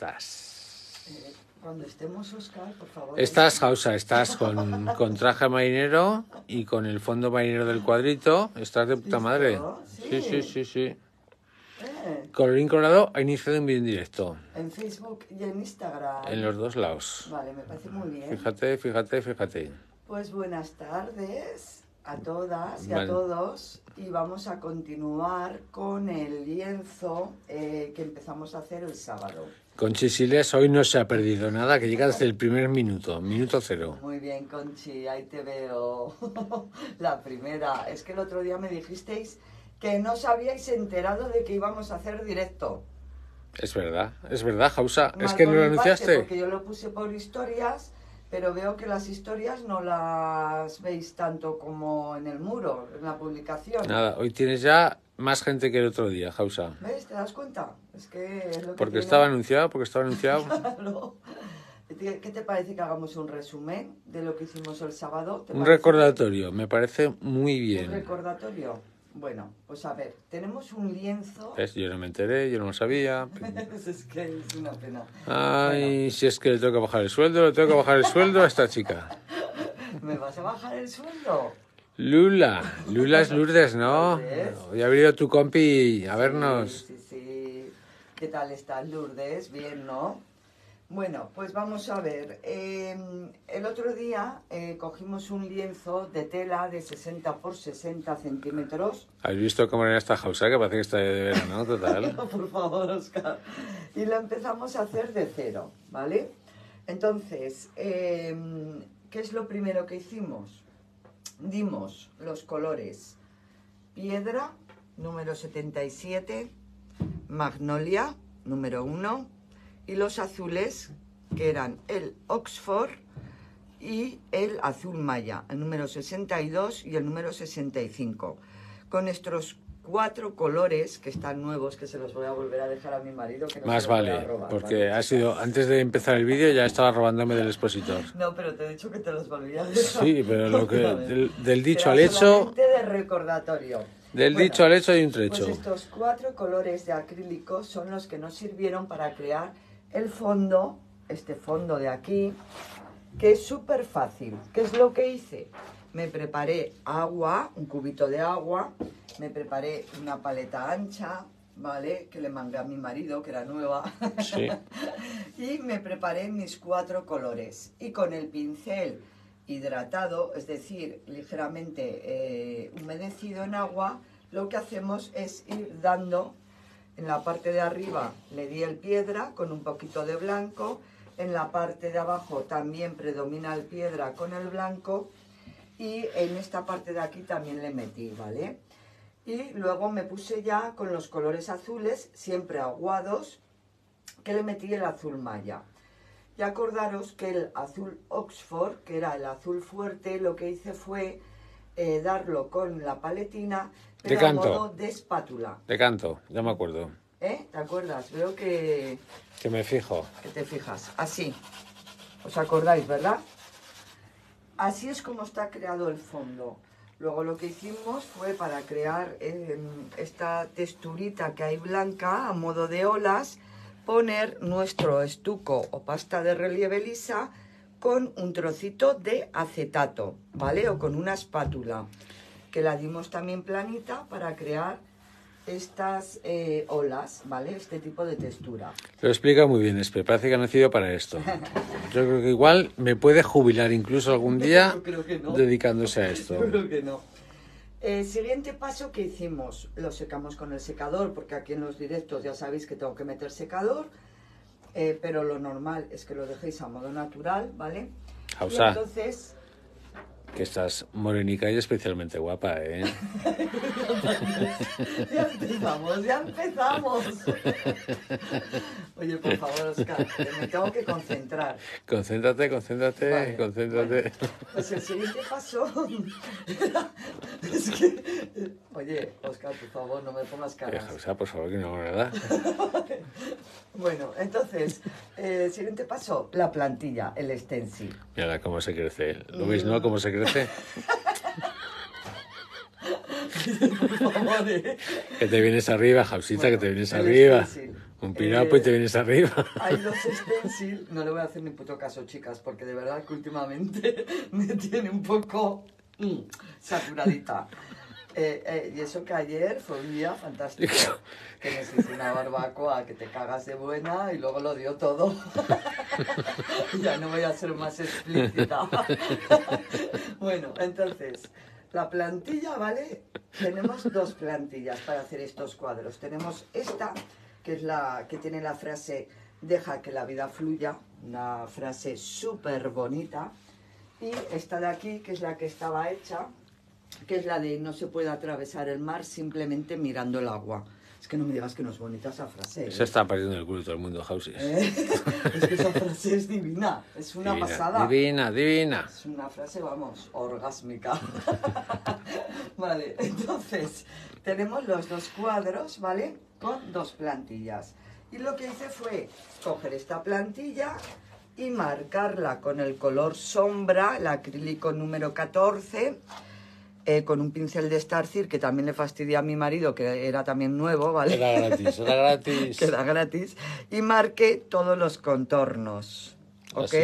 estás? Eh, cuando estemos, Oscar, por favor. Estás, estás con, con traje marinero y con el fondo marinero del cuadrito. Estás de puta madre. Sí, sí, sí, sí. Eh. Colorín Colorado ha iniciado un vídeo en directo. En Facebook y en Instagram. En los dos lados. Vale, me parece muy bien. Fíjate, fíjate, fíjate. Pues buenas tardes a todas y a todos. Y vamos a continuar con el lienzo eh, que empezamos a hacer el sábado. Conchi hoy no se ha perdido nada, que llega desde el primer minuto, minuto cero. Muy bien, Conchi, ahí te veo. la primera. Es que el otro día me dijisteis que no os habíais enterado de que íbamos a hacer directo. Es verdad, es verdad, Jausa. es que no lo anunciaste. Porque yo lo puse por historias, pero veo que las historias no las veis tanto como en el muro, en la publicación. Nada, hoy tienes ya más gente que el otro día, Jausa. ¿Ves? ¿Te das cuenta? Es que Porque estaba anunciado, porque estaba anunciado. ¿Qué te parece que hagamos un resumen de lo que hicimos el sábado? Un recordatorio, me parece muy bien. ¿Un recordatorio? Bueno, pues a ver, tenemos un lienzo. Yo no me enteré, yo no lo sabía. es que es una pena. Ay, si es que le tengo que bajar el sueldo, le tengo que bajar el sueldo a esta chica. ¿Me vas a bajar el sueldo? Lula, Lula es Lourdes, ¿no? Hoy ha venido tu compi a vernos. Sí, sí, ¿Qué tal está Lourdes? Bien, ¿no? Bueno, pues vamos a ver. Em, el otro día eh, cogimos un lienzo de tela de 60 por 60 centímetros. ¿Has visto cómo era esta jausa? Que parece que está de verano, total. por favor, Oscar. Y lo empezamos a hacer de cero, ¿vale? Entonces, em, ¿qué es lo primero que hicimos? dimos los colores piedra, número 77, magnolia, número 1, y los azules, que eran el Oxford y el azul maya, el número 62 y el número 65. Con estos cuatro colores que están nuevos que se los voy a volver a dejar a mi marido. Más vale, porque ha sido antes de empezar el vídeo ya estaba robándome del expositor. No, pero te he dicho que te los volví a dejar. Sí, pero lo que del, dicho al hecho. de recordatorio. Del dicho al hecho hay un trecho. Pues estos cuatro colores de acrílico son los que nos sirvieron para crear el fondo, este fondo de aquí, que es súper fácil. ¿Qué es lo que hice? Me preparé agua, un cubito de agua, me preparé una paleta ancha, ¿vale? Que le mandé a mi marido, que era nueva. y me preparé mis cuatro colores. Y con el pincel hidratado, es decir, ligeramente eh, humedecido en agua, lo que hacemos es ir dando en la parte de arriba le di el piedra con un poquito de blanco, en la parte de abajo también predomina el piedra con el blanco y en esta parte de aquí también le metí, ¿vale? y luego me puse ya con los colores azules, siempre aguados, que le metí el azul malla. Y acordaros que el azul Oxford, que era el azul fuerte, lo que hice fue eh, darlo con la paletina, pero de canto. modo de espátula. De canto, ya me acuerdo. ¿Eh? ¿Te acuerdas? Veo que... Que me fijo. Que te fijas, así. ¿Os acordáis, verdad? Así es como está creado el fondo. Luego lo que hicimos fue para crear em, esta texturita que hay blanca a modo de olas, poner nuestro estuco o pasta de relieve lisa con un trocito de acetato, ¿vale? O con una espátula, que la dimos también planita para crear estas eh, olas, ¿vale? Este tipo de textura. Lo explica muy bien, Espe. Parece que ha nacido para esto. Yo creo que igual me puede jubilar incluso algún día dedicándose a esto. El eh, siguiente paso que hicimos, lo secamos con el secador, porque aquí en los directos ya sabéis que tengo que meter secador, eh, pero lo normal es que lo dejéis a modo natural, ¿vale? entonces que estás morenica y especialmente guapa, ¿eh? ya empezamos, ya empezamos. Oye, por favor, Oscar, me tengo que concentrar. Concéntrate, concéntrate, concéntrate. Pues el siguiente paso. Oye, Oscar, por favor, no me pongas cara. o sea, por favor, que no, ¿verdad? bueno, entonces, eh, siguiente paso, la plantilla, el stencil. Mira cómo se crece. ¿Lo veis, no? Cómo se crece Que te vienes arriba, Jausita, que te vienes arriba. Un pirapo y te eh, vienes arriba. Hay no le voy a hacer ni puto caso, chicas, porque de verdad que últimamente me tiene un poco mm, saturadita. Eh, eh, y eso que ayer fue un día fantástico. que me hiciste una barbacoa que te cagas de buena y luego lo dio todo. ya no voy a ser más explícita. bueno, entonces, la plantilla, ¿vale? Tenemos dos plantillas para hacer estos cuadros. Tenemos esta, que es la que tiene la frase deja que la vida fluya, una frase súper bonita. Y esta de aquí, que es la que estaba hecha, que es la de no se puede atravesar el mar simplemente mirando el agua. Es que no me digas que no es bonita esa frase. Se ¿eh? está perdiendo el culo todo el mundo, Houses. ¿Eh? Es que esa frase es divina, es una pasada. Divina, divina. Es una frase, vamos, orgásmica. vale, entonces tenemos los dos cuadros, ¿vale? Con dos plantillas. Y lo que hice fue coger esta plantilla y marcarla con el color sombra, el acrílico número 14 eh, con un pincel de Starcir que también le fastidié a mi marido, que era también nuevo, ¿vale? Era gratis, gratis. gratis. Y marqué todos los contornos. ¿Ok?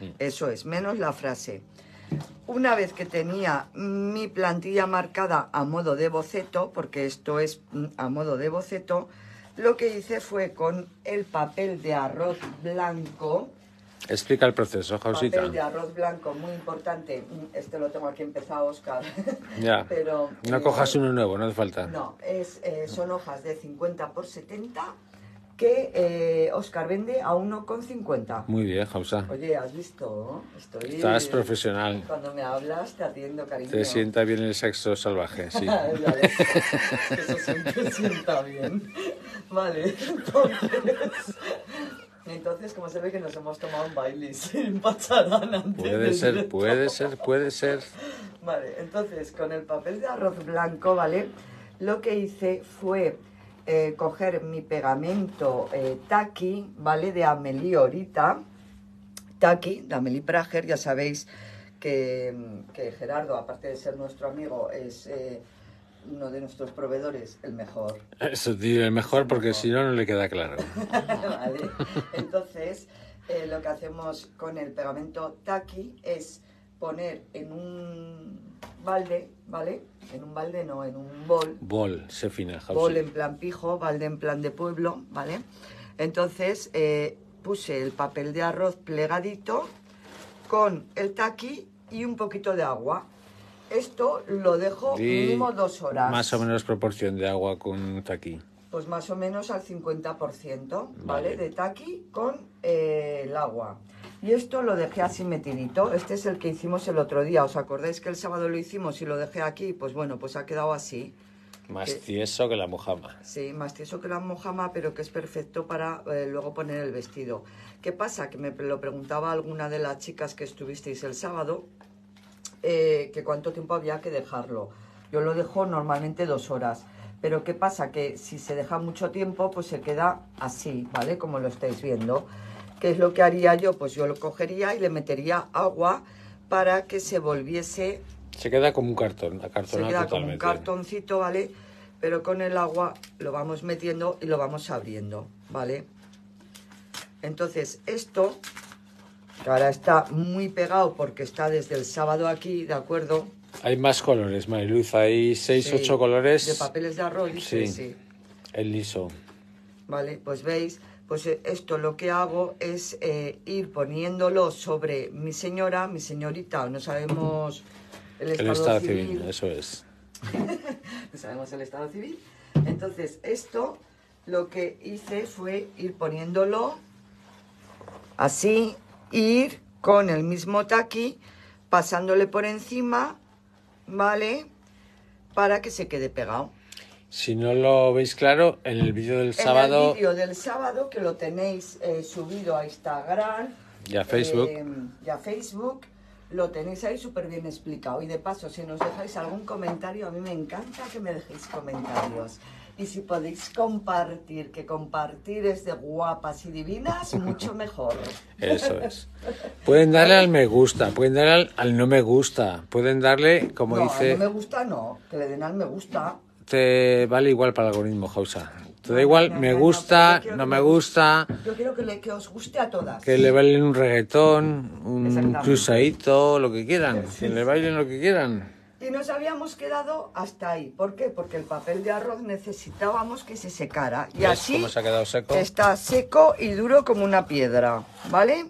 Mm. Eso es, menos la frase. Una vez que tenía mi plantilla marcada a modo de boceto, porque esto es mm, a modo de boceto, lo que hice fue con el papel de arroz blanco, Explica el proceso, Jausita. Papel de arroz blanco, muy importante. Mm, Esto lo tengo aquí empezado, Oscar. Ya. Pero, no eh, cojas uno nuevo, no hace falta. No, es, eh, son hojas de 50 por 70 que eh, Oscar vende a 1,50. Muy bien, Jausa. Oye, ¿has visto? Estoy, Estás profesional. Cuando me hablas te atiendo, cariño. Te sienta bien el sexo salvaje, sí. Eso sienta bien. Vale, entonces... Entonces, como se ve que nos hemos tomado un baile sin pacharán antes Puede ser, puede ser, puede ser. Vale, entonces, con el papel de arroz blanco, ¿vale? Lo que hice fue eh, coger mi pegamento eh, Taki, ¿vale? De Amelie ahorita. Taki, de Amelie Prager, ya sabéis que, Gerardo, aparte de ser nuestro amigo, es... Eh, uno de nuestros proveedores, el mejor. Eso, el mejor porque si no, no le queda claro. Entonces, eh, lo que hacemos con el pegamento taqui es poner en un balde, ¿vale? En un balde, no, en un bol. Bol, se fina. Bol en plan pijo, balde en plan de pueblo, ¿vale? Entonces, eh, puse el papel de arroz plegadito con el taqui y un poquito de agua. Esto lo dejo mínimo dos horas. Más o menos proporción de agua con taqui. Pues más o menos al 50%, ¿vale? De taqui con eh, el agua. Y esto lo dejé así metidito. Este es el que hicimos el otro día. ¿Os acordáis que el sábado lo hicimos y lo dejé aquí? Pues bueno, pues ha quedado así. Más tieso que la mojama. Sí, más tieso que la mojama, pero que es perfecto para eh, luego poner el vestido. ¿Qué pasa? Que me lo preguntaba alguna de las chicas que estuvisteis el sábado eh, que cuánto tiempo había que dejarlo. Yo lo dejo normalmente dos horas. Pero ¿qué pasa? Que si se deja mucho tiempo, pues se queda así, ¿vale? Como lo estáis viendo. ¿Qué es lo que haría yo? Pues yo lo cogería y le metería agua para que se volviese... Se queda como un cartón, la Se queda como un cartoncito, ¿vale? Pero con el agua lo vamos metiendo y lo vamos abriendo, ¿vale? Entonces, esto Ahora está muy pegado porque está desde el sábado aquí, ¿de acuerdo? Hay más colores, Mariluz. Hay seis, ocho colores. De papeles de arroz, sí. sí. El liso. Vale, pues veis, pues eh, esto lo que hago es eh, ir poniéndolo sobre mi señora, mi señorita, no sabemos el estado, el estado civil. Eso es. no sabemos el estado civil. Entonces, esto lo que hice fue ir poniéndolo así ir con el mismo taqui pasándole por encima, ¿vale? Para que se quede pegado. Si no lo veis claro, en el vídeo del sábado... el vídeo del sábado, que lo tenéis eh, subido a Instagram... ya Facebook. Em, ya y a Facebook, lo tenéis ahí súper bien explicado. Y de paso, si nos dejáis algún comentario, a mí me encanta que me dejéis comentarios. Y si podéis compartir, que compartir es de guapas y divinas, mucho mejor. Eso es. Pueden darle al me gusta, pueden darle al, no me gusta, pueden darle, como dice... no, Al no me gusta no, que le den al me gusta. Te vale igual para el algoritmo, Jausa. Te da igual, me gusta, no, me gusta. Yo quiero que, le, que, os guste a todas. Que le bailen un reggaetón, un cruzadito, lo que quieran. que le bailen lo que quieran. Y nos habíamos quedado hasta ahí. ¿Por qué? Porque el papel de arroz necesitábamos que se secara. Y así está seco y duro como una piedra, ¿vale?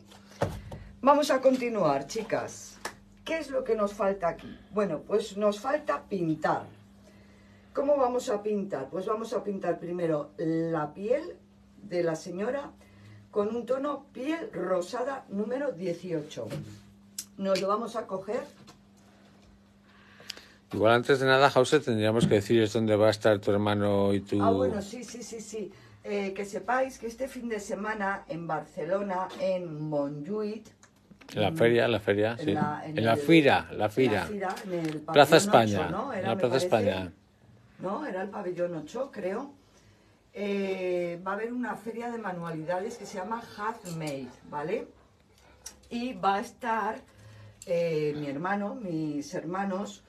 Vamos a continuar, chicas. ¿Qué es lo que nos falta aquí? Bueno, pues nos falta pintar. ¿Cómo vamos a pintar? Pues vamos a pintar primero la piel de la señora con un tono piel rosada número 18. Nos lo vamos a coger Igual antes de nada, House, tendríamos que decir dónde va a estar tu hermano y tu... Ah, bueno, sí, sí, sí, sí. Eh, que sepáis que este fin de semana en Barcelona, en Montjuïc... En la feria, la feria, en La, en, la fira, la fira. En Plaza España. 8, ¿no? Era, la Plaza España. No, era el pabellón 8, creo. Eh, va a haber una feria de manualidades que se llama Made, ¿vale? Y va a estar eh, mi hermano, mis hermanos...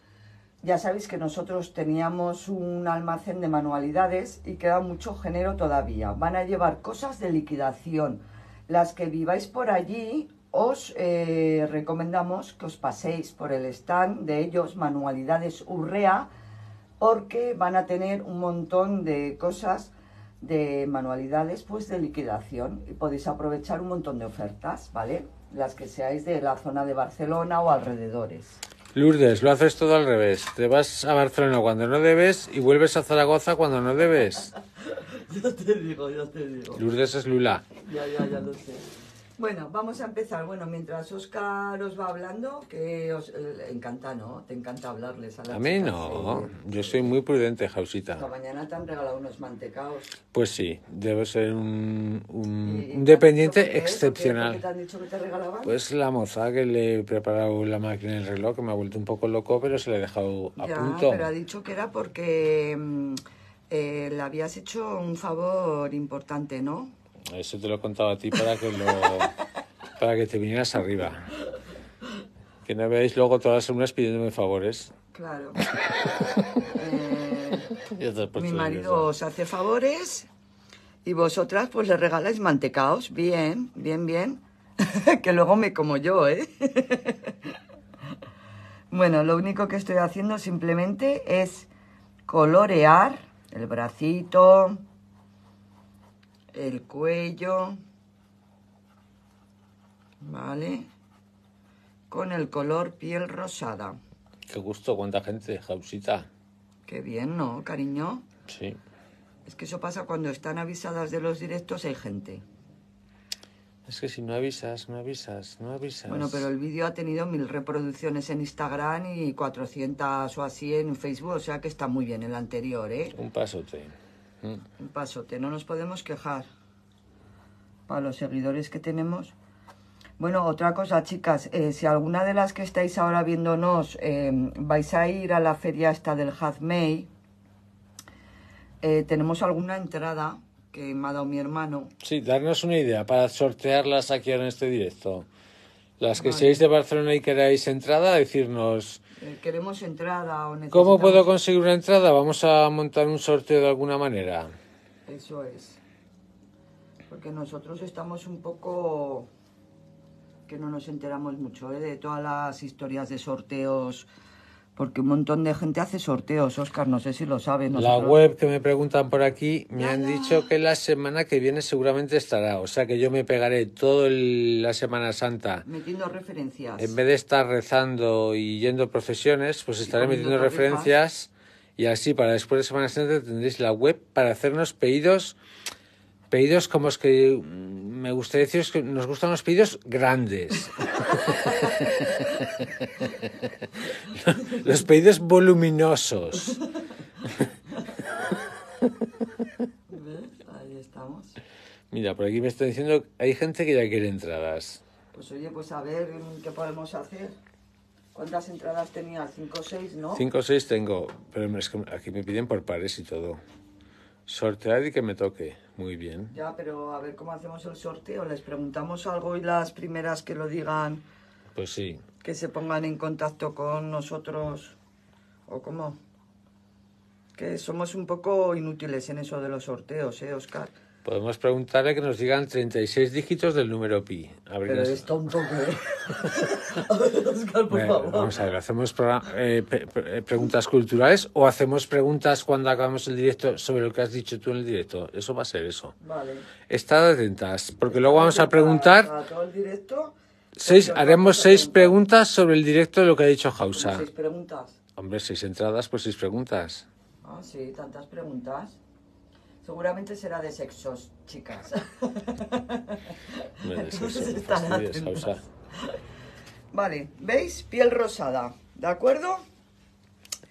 Ya sabéis que nosotros teníamos un almacén de manualidades y queda mucho género todavía. Van a llevar cosas de liquidación. Las que viváis por allí, os eh, recomendamos que os paséis por el stand de ellos, Manualidades Urrea, porque van a tener un montón de cosas de manualidades pues de liquidación y podéis aprovechar un montón de ofertas, ¿vale? Las que seáis de la zona de Barcelona o alrededores. Lourdes, lo haces todo al revés. Te vas a Barcelona cuando no debes y vuelves a Zaragoza cuando no debes. yo te digo, yo te digo. Lourdes es Lula. Ya, ya, ya lo sé. Bueno, vamos a empezar. Bueno, mientras Oscar os va hablando, que os eh, encanta, ¿no? Te encanta hablarles a la A mí no. Yo soy muy prudente, Jausita. Esta mañana te han regalado unos mantecaos. Pues sí, debe ser un, dependiente excepcional. ¿Qué te han dicho que te regalaban? Pues la moza que le he preparado la máquina del reloj, que me ha vuelto un poco loco, pero se le he dejado a punto. pero ha dicho que era porque mm, eh, le habías hecho un favor importante, ¿no? Eso te lo he contado a ti para que para que te vinieras arriba. Que no veáis luego todas las semanas pidiéndome favores. Claro. Eh, mi marido os hace favores y vosotras pues le regaláis mantecaos. Bien, bien, bien. que luego me como yo, ¿eh? bueno, lo único que estoy haciendo simplemente es colorear el bracito, el cuello, ¿vale? Con el color piel rosada. Qué gusto, cuánta gente, Jausita. Qué bien, ¿no, cariño? Sí. Es que eso pasa cuando están avisadas de los directos, hay gente. Es que si no avisas, no avisas, no avisas. Bueno, pero el vídeo ha tenido mil reproducciones en Instagram y 400 o así en Facebook, o sea que está muy bien el anterior, ¿eh? Un pasote. Un pasote, no nos podemos quejar. Para los seguidores que tenemos. Bueno, otra cosa, chicas, eh, si alguna de las que estáis ahora viéndonos eh, vais a ir a la feria esta del Hazmei, eh, tenemos alguna entrada que me ha dado mi hermano. Sí, darnos una idea para sortearlas aquí en este directo. Las que seáis de Barcelona y queráis entrada, decirnos eh, queremos entrada o ¿Cómo puedo conseguir una entrada? Vamos a montar un sorteo de alguna manera. Eso es. Porque nosotros estamos un poco que no nos enteramos mucho ¿eh? de todas las historias de sorteos porque un montón de gente hace sorteos, Oscar, no sé si lo saben. la web que me preguntan por aquí me han dicho que la semana que viene seguramente estará, o sea que yo me pegaré toda la Semana Santa. Metiendo referencias. En vez de estar rezando y yendo procesiones, pues estaré metiendo referencias y así para después de Semana Santa tendréis la web para hacernos pedidos. Pedidos como es que mm, me gustaría deciros que nos gustan los pedidos grandes. Los pedidos voluminosos. Mira, por aquí me está diciendo, hay gente que ya quiere entradas. Pues oye, pues a ver qué podemos hacer. ¿Cuántas entradas tenía? ¿Cinco o seis, no? Cinco o seis tengo, pero es que aquí me piden por pares y todo. Sortear y que me toque. Muy bien. Ya, pero a ver cómo hacemos el sorteo. ¿Les preguntamos algo y las primeras que lo digan pues sí. Que se pongan en contacto con nosotros o cómo. Que somos un poco inútiles en eso de los sorteos, ¿eh, Oscar? Podemos preguntarle que nos digan 36 dígitos del número pi. Pero tonto Oscar, por favor. Vamos a ver, ¿hacemos eh, eh, preguntas culturales o hacemos preguntas cuando acabamos el directo sobre lo que has dicho tú en el directo? Eso va a ser eso. Vale. Estad atentas, porque luego vamos a preguntar... Para todo el directo? Seis, haremos seis preguntas sobre el directo de lo que ha dicho Hausa. ¿Seis preguntas? Hombre, seis entradas, por seis preguntas. Ah, sí, tantas preguntas. Seguramente será de sexos, chicas. Vale, ¿veis? Piel rosada, ¿de acuerdo?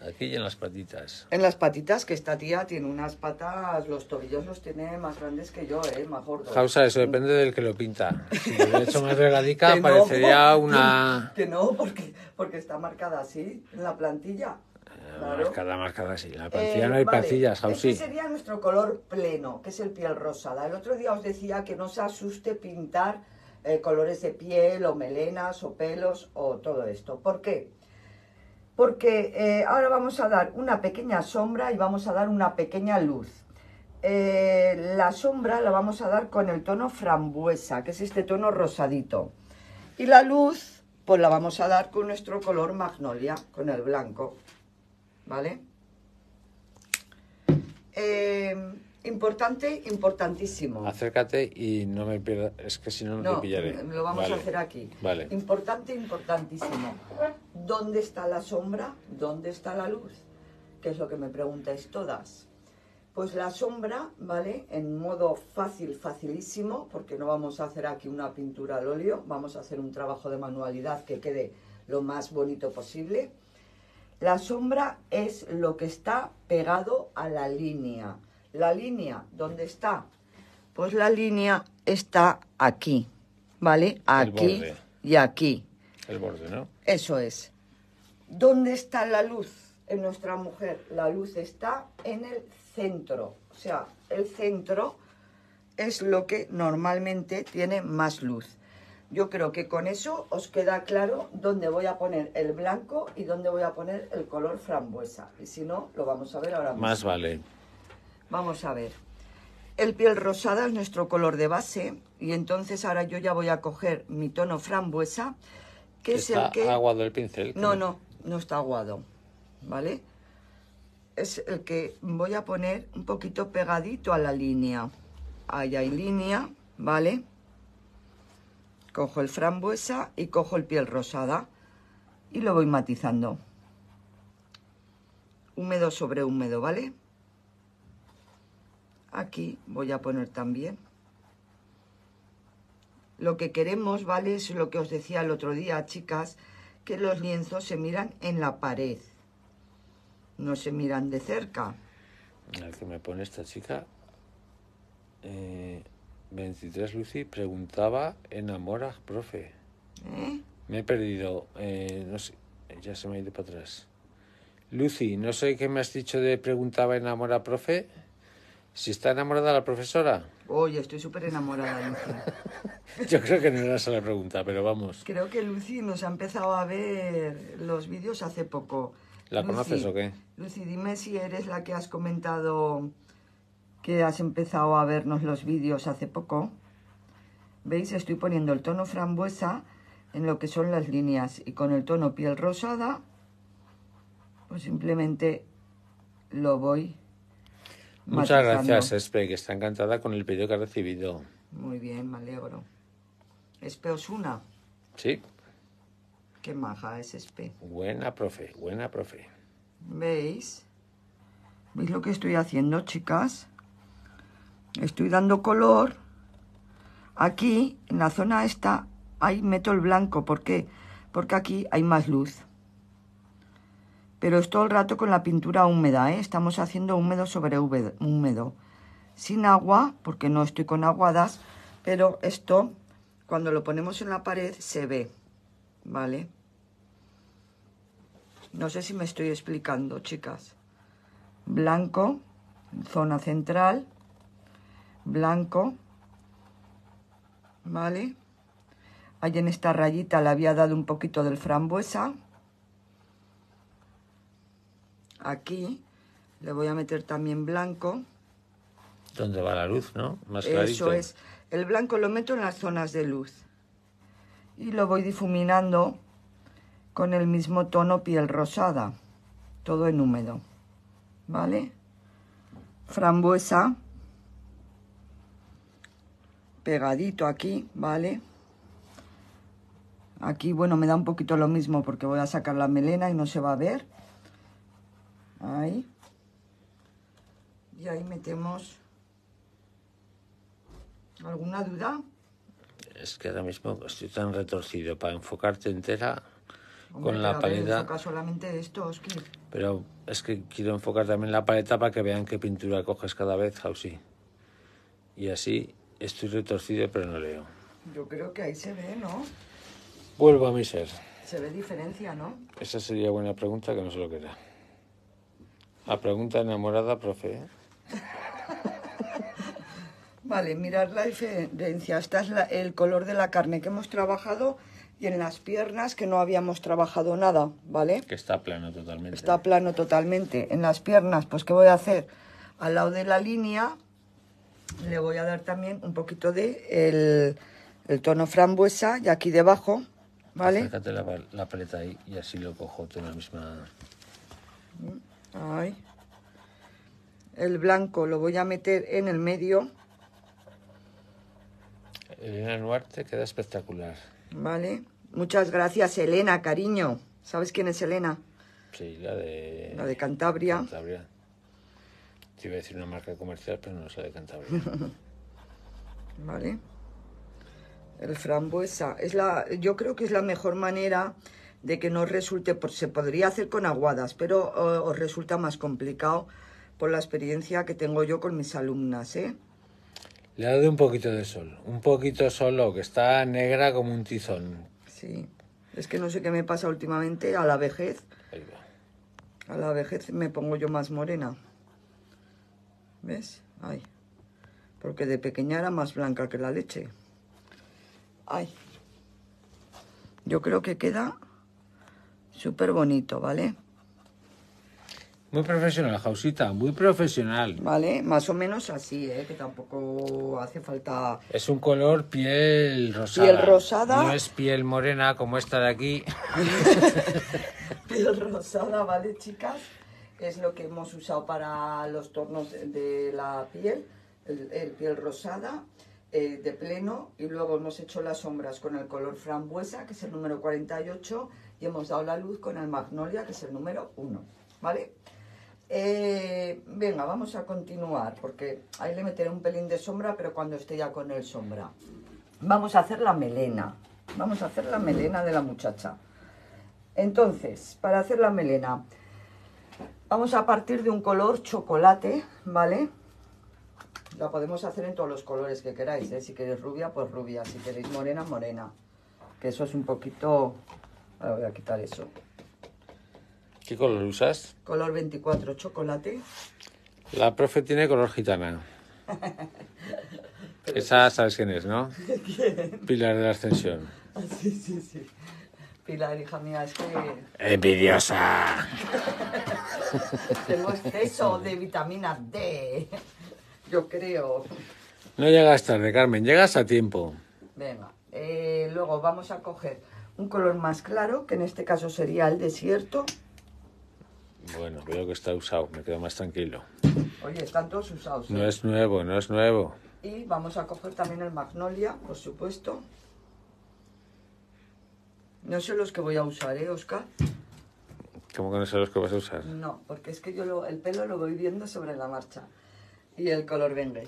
Aquí y en las patitas. En las patitas, que esta tía tiene unas patas, los tobillos los tiene más grandes que yo, ¿eh? Más gordos. Causa, eso depende del que lo pinta. Si lo he hecho más regadica, parecería una. Que no, porque, porque está marcada así, en la plantilla. Eh, marcada, marcada, así la plantilla no hay eh, plantillas, Jausi. Este sería nuestro color pleno, que es el piel rosada. El otro día os decía que no se asuste pintar eh, colores de piel, o melenas, o pelos, o todo esto. ¿Por qué? porque eh, ahora vamos a dar una pequeña sombra y vamos a dar una pequeña luz. Eh, la sombra la vamos a dar con el tono frambuesa, que es este tono rosadito. Y la luz, pues la vamos a dar con nuestro color magnolia, con el blanco, ¿vale? Eh, importante, importantísimo. Acércate y no me pierdas, es que si no, no te pillaré. lo vamos a hacer aquí. Vale. Importante, importantísimo. ¿dónde está la sombra? ¿Dónde está la luz? Que es lo que me preguntáis todas. Pues la sombra, ¿vale? En modo fácil, facilísimo, porque no vamos a hacer aquí una pintura al óleo, vamos a hacer un trabajo de manualidad que quede lo más bonito posible. La sombra es lo que está pegado a la línea. ¿La línea dónde está? Pues la línea está aquí, ¿vale? Aquí y aquí. El borde, ¿no? Eso es. ¿Dónde está la luz en nuestra mujer? La luz está en el centro. O sea, el centro es lo que normalmente tiene más luz. Yo creo que con eso os queda claro dónde voy a poner el blanco y dónde voy a poner el color frambuesa. Y si no, lo vamos a ver ahora mismo. Más vale. Vamos a ver. El piel rosada es nuestro color de base y entonces ahora yo ya voy a coger mi tono frambuesa, que es el que... pincel. No, no, no está aguado, ¿vale? Es el que voy a poner un poquito pegadito a la línea. Ahí hay línea, ¿vale? Cojo el frambuesa y cojo el piel rosada y lo voy matizando. Húmedo sobre húmedo, ¿vale? Aquí voy a poner también lo que queremos, ¿vale? Es lo que os decía el otro día, chicas, que los lienzos se miran en la pared, no se miran de cerca. La que me pone esta chica, eh, 23 Lucy, preguntaba ¿enamora, profe. ¿Eh? Me he perdido, eh, no sé, ya se me ha ido para atrás. Lucy, no sé qué me has dicho de preguntaba ¿enamora, profe. Si está enamorada la profesora. Oye, estoy súper enamorada, Lucy. Yo creo que no era esa la pregunta, pero vamos. Creo que Lucy nos ha empezado a ver los vídeos hace poco. ¿La conoces o qué? Lucy, dime si eres la que has comentado que has empezado a vernos los vídeos hace poco. ¿Veis? Estoy poniendo el tono frambuesa en lo que son las líneas y con el tono piel rosada, pues simplemente lo voy Muchas gracias, Espe, que está encantada con el pedido que ha recibido. Muy bien, me alegro. Espe Osuna. Sí. Qué maja es Espe. Buena, profe, buena, profe. ¿Veis? ¿Veis lo que estoy haciendo, chicas? Estoy dando color. Aquí, en la zona esta, ahí meto el blanco. ¿Por qué? Porque aquí hay más luz pero es todo el rato con la pintura húmeda, ¿eh? estamos haciendo húmedo sobre húmedo, sin agua, porque no estoy con aguadas, pero esto cuando lo ponemos en la pared se ve, ¿vale? No sé si me estoy explicando, chicas. Blanco, zona central, blanco, ¿vale? Ahí en esta rayita le había dado un poquito del frambuesa, aquí. Le voy a meter también blanco. Donde va la luz, ¿no? Más clarito. Eso es. El blanco lo meto en las zonas de luz. Y lo voy difuminando con el mismo tono piel rosada. Todo en húmedo. ¿Vale? Frambuesa. Pegadito aquí, ¿vale? Aquí, bueno, me da un poquito lo mismo porque voy a sacar la melena y no se va a ver ahí y ahí metemos alguna duda es que ahora mismo estoy tan retorcido para enfocarte entera con la paleta solamente esto pero es que quiero enfocar también la paleta para que vean qué pintura coges cada vez Jausi y así estoy retorcido pero no leo yo creo que ahí se ve no vuelvo a mi ser se ve diferencia no esa sería buena pregunta que no se lo queda la pregunta enamorada, profe. ¿eh? Vale, mirar la diferencia. Esta es el color de la carne que hemos trabajado y en las piernas que no habíamos trabajado nada, ¿vale? Que está plano totalmente. Está plano totalmente. En las piernas, pues ¿qué voy a hacer? Al lado de la línea le voy a dar también un poquito de el, tono frambuesa y aquí debajo, ¿vale? Acércate la, paleta ahí y así lo cojo de la misma... Mm. Ay. El blanco lo voy a meter en el medio. Elena Nuarte queda espectacular. Vale. Muchas gracias, Elena, cariño. ¿Sabes quién es Elena? Sí, la de... La de Cantabria. Cantabria. Te iba a decir una marca comercial, pero no es la de Cantabria. vale. El frambuesa. Es la, yo creo que es la mejor manera de que no resulte, se podría hacer con aguadas, pero os resulta más complicado por la experiencia que tengo yo con mis alumnas, ¿eh? Le dado un poquito de sol, un poquito solo, que está negra como un tizón. Sí, es que no sé qué me pasa últimamente a la vejez. A la vejez me pongo yo más morena. ¿Ves? Ay. Porque de pequeña era más blanca que la leche. Ay. Yo creo que queda Súper bonito, ¿vale? Muy profesional, Jausita, muy profesional. Vale, más o menos así, ¿eh? que tampoco hace falta... Es un color piel rosada. Piel rosada. No es piel morena como esta de aquí. piel rosada, ¿vale, chicas? Es lo que hemos usado para los tornos de la piel, el, piel rosada eh, de pleno. Y luego hemos hecho las sombras con el color frambuesa, que es el número 48, y hemos dado la luz con el magnolia, que es el número uno, ¿vale? Eh, venga, vamos a continuar, porque ahí le meteré un pelín de sombra, pero cuando esté ya con el sombra. Vamos a hacer la melena, vamos a hacer la melena de la muchacha. Entonces, para hacer la melena, vamos a partir de un color chocolate, ¿vale? La podemos hacer en todos los colores que queráis, ¿eh? Si queréis rubia, pues rubia, si queréis morena, morena. Que eso es un poquito voy a quitar eso. ¿Qué color usas? Color 24, chocolate. La profe tiene color gitana. Esa sabes quién es, ¿no? ¿Quién? Pilar de la Ascensión. Ah, sí, sí, sí. Pilar, hija mía, es que... ¡Envidiosa! Tengo exceso de vitamina D, yo creo. No llegas tarde, Carmen, llegas a tiempo. Venga, eh, luego vamos a coger un color más claro, que en este caso sería el desierto. Bueno, veo que está usado, me quedo más tranquilo. Oye, están todos usados. No ¿eh? es nuevo, no es nuevo. Y vamos a coger también el magnolia, por supuesto. No sé los que voy a usar, ¿eh, Oscar? ¿Cómo que no sé los que vas a usar? No, porque es que yo el pelo lo voy viendo sobre la marcha. Y el color venga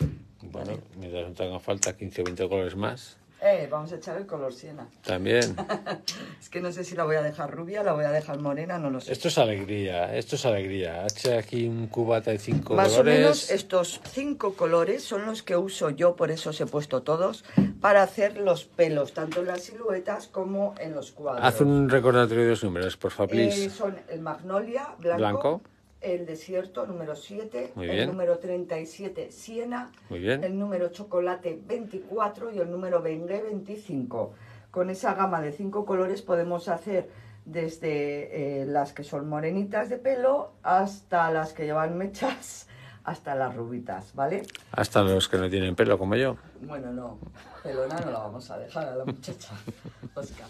Bueno, mientras no tenga falta 15 o 20 colores más. Eh, vamos a echar el color siena. También. es que no sé si la voy a dejar rubia, la voy a dejar morena, no lo sé. Esto es alegría, esto es alegría. Echa aquí un cubata de cinco colores. Más o menos estos cinco colores son los que uso yo, por eso os he puesto todos, para hacer los pelos, tanto en las siluetas como en los cuadros. Haz un recordatorio de los números, por favor, eh, son el magnolia blanco el Desierto, número 7. El número 37, Siena. Muy bien. El número Chocolate, 24. Y el número Bengue, 25. Con esa gama de cinco colores podemos hacer desde eh, las que son morenitas de pelo hasta las que llevan mechas, hasta las rubitas, ¿vale? Hasta los que no tienen pelo, como yo. Bueno, no, pelona no la vamos a dejar a la muchacha, Oscar.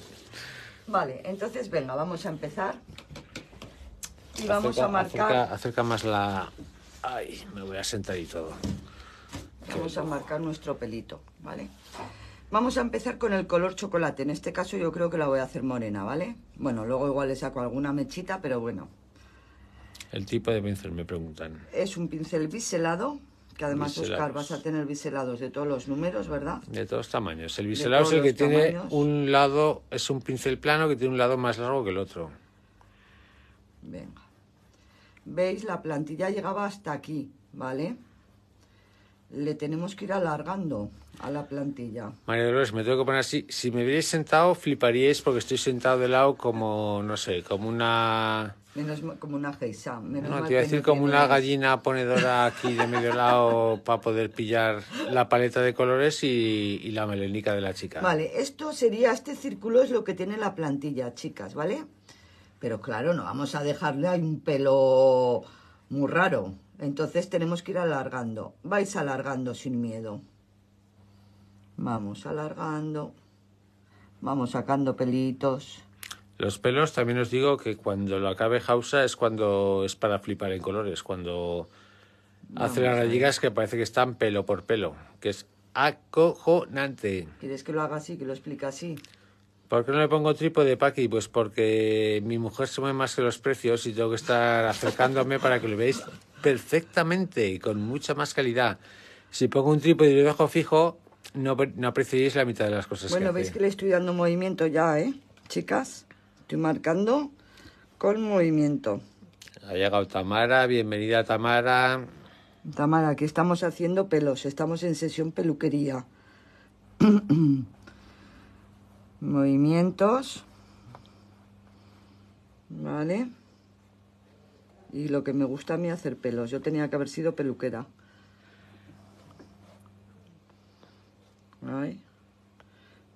Vale, entonces venga, vamos a empezar y vamos a marcar. Acerca, más la. Ay, me voy a sentar y todo. Vamos a marcar nuestro pelito, ¿vale? Vamos a empezar con el color chocolate. En este caso yo creo que la voy a hacer morena, ¿vale? Bueno, luego igual le saco alguna mechita, pero bueno. El tipo de pincel me preguntan. Es un pincel biselado, que además Oscar vas a tener biselados de todos los números, ¿verdad? De todos tamaños. El biselado es el que tiene un lado, es un pincel plano que tiene un lado más largo que el otro. Venga. Veis, la plantilla llegaba hasta aquí, ¿vale? Le tenemos que ir alargando a la plantilla. María Dolores, me tengo que poner así. Si me hubierais sentado, fliparíais porque estoy sentado de lado como, no sé, como una... Menos como una geisha. no, te iba a decir como una gallina ponedora aquí de medio lado para poder pillar la paleta de colores y, y, la melenica de la chica. Vale, esto sería, este círculo es lo que tiene la plantilla, chicas, ¿vale? Pero claro, no vamos a dejarle hay un pelo muy raro. Entonces tenemos que ir alargando. Vais alargando sin miedo. Vamos alargando. Vamos sacando pelitos. Los pelos también os digo que cuando lo acabe Hausa es cuando es para flipar en colores, cuando hace las radigas que parece que están pelo por pelo, que es acojonante. ¿Quieres que lo haga así, que lo explique así? ¿Por qué no le pongo de Paqui? Pues porque mi mujer se mueve más que los precios y tengo que estar acercándome para que lo veáis perfectamente y con mucha más calidad. Si pongo un trípode y lo dejo fijo, no, no la mitad de las cosas. Bueno, veis que le estoy dando movimiento ya, ¿eh? Chicas, estoy marcando con movimiento. Ha llegado Tamara, bienvenida Tamara. Tamara, aquí estamos haciendo pelos, estamos en sesión peluquería. movimientos vale y lo que me gusta a mí hacer pelos yo tenía que haber sido peluquera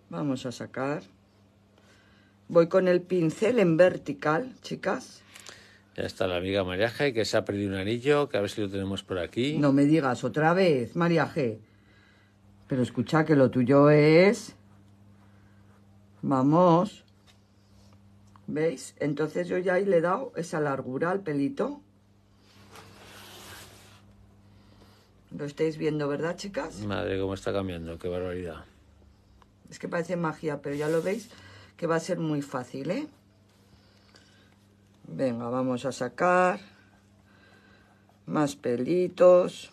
vamos a sacar voy con el pincel en vertical chicas ya está la amiga María G, que se ha perdido un anillo, que a ver si lo tenemos por aquí. No me digas otra vez, María G. Pero escucha que lo tuyo es Vamos. ¿Veis? Entonces yo ya le he dado esa largura al pelito. Lo estáis viendo, ¿verdad, chicas? Madre, cómo está cambiando, qué barbaridad. Es que parece magia, pero ya lo veis que va a ser muy fácil, ¿eh? Venga, vamos a sacar más pelitos.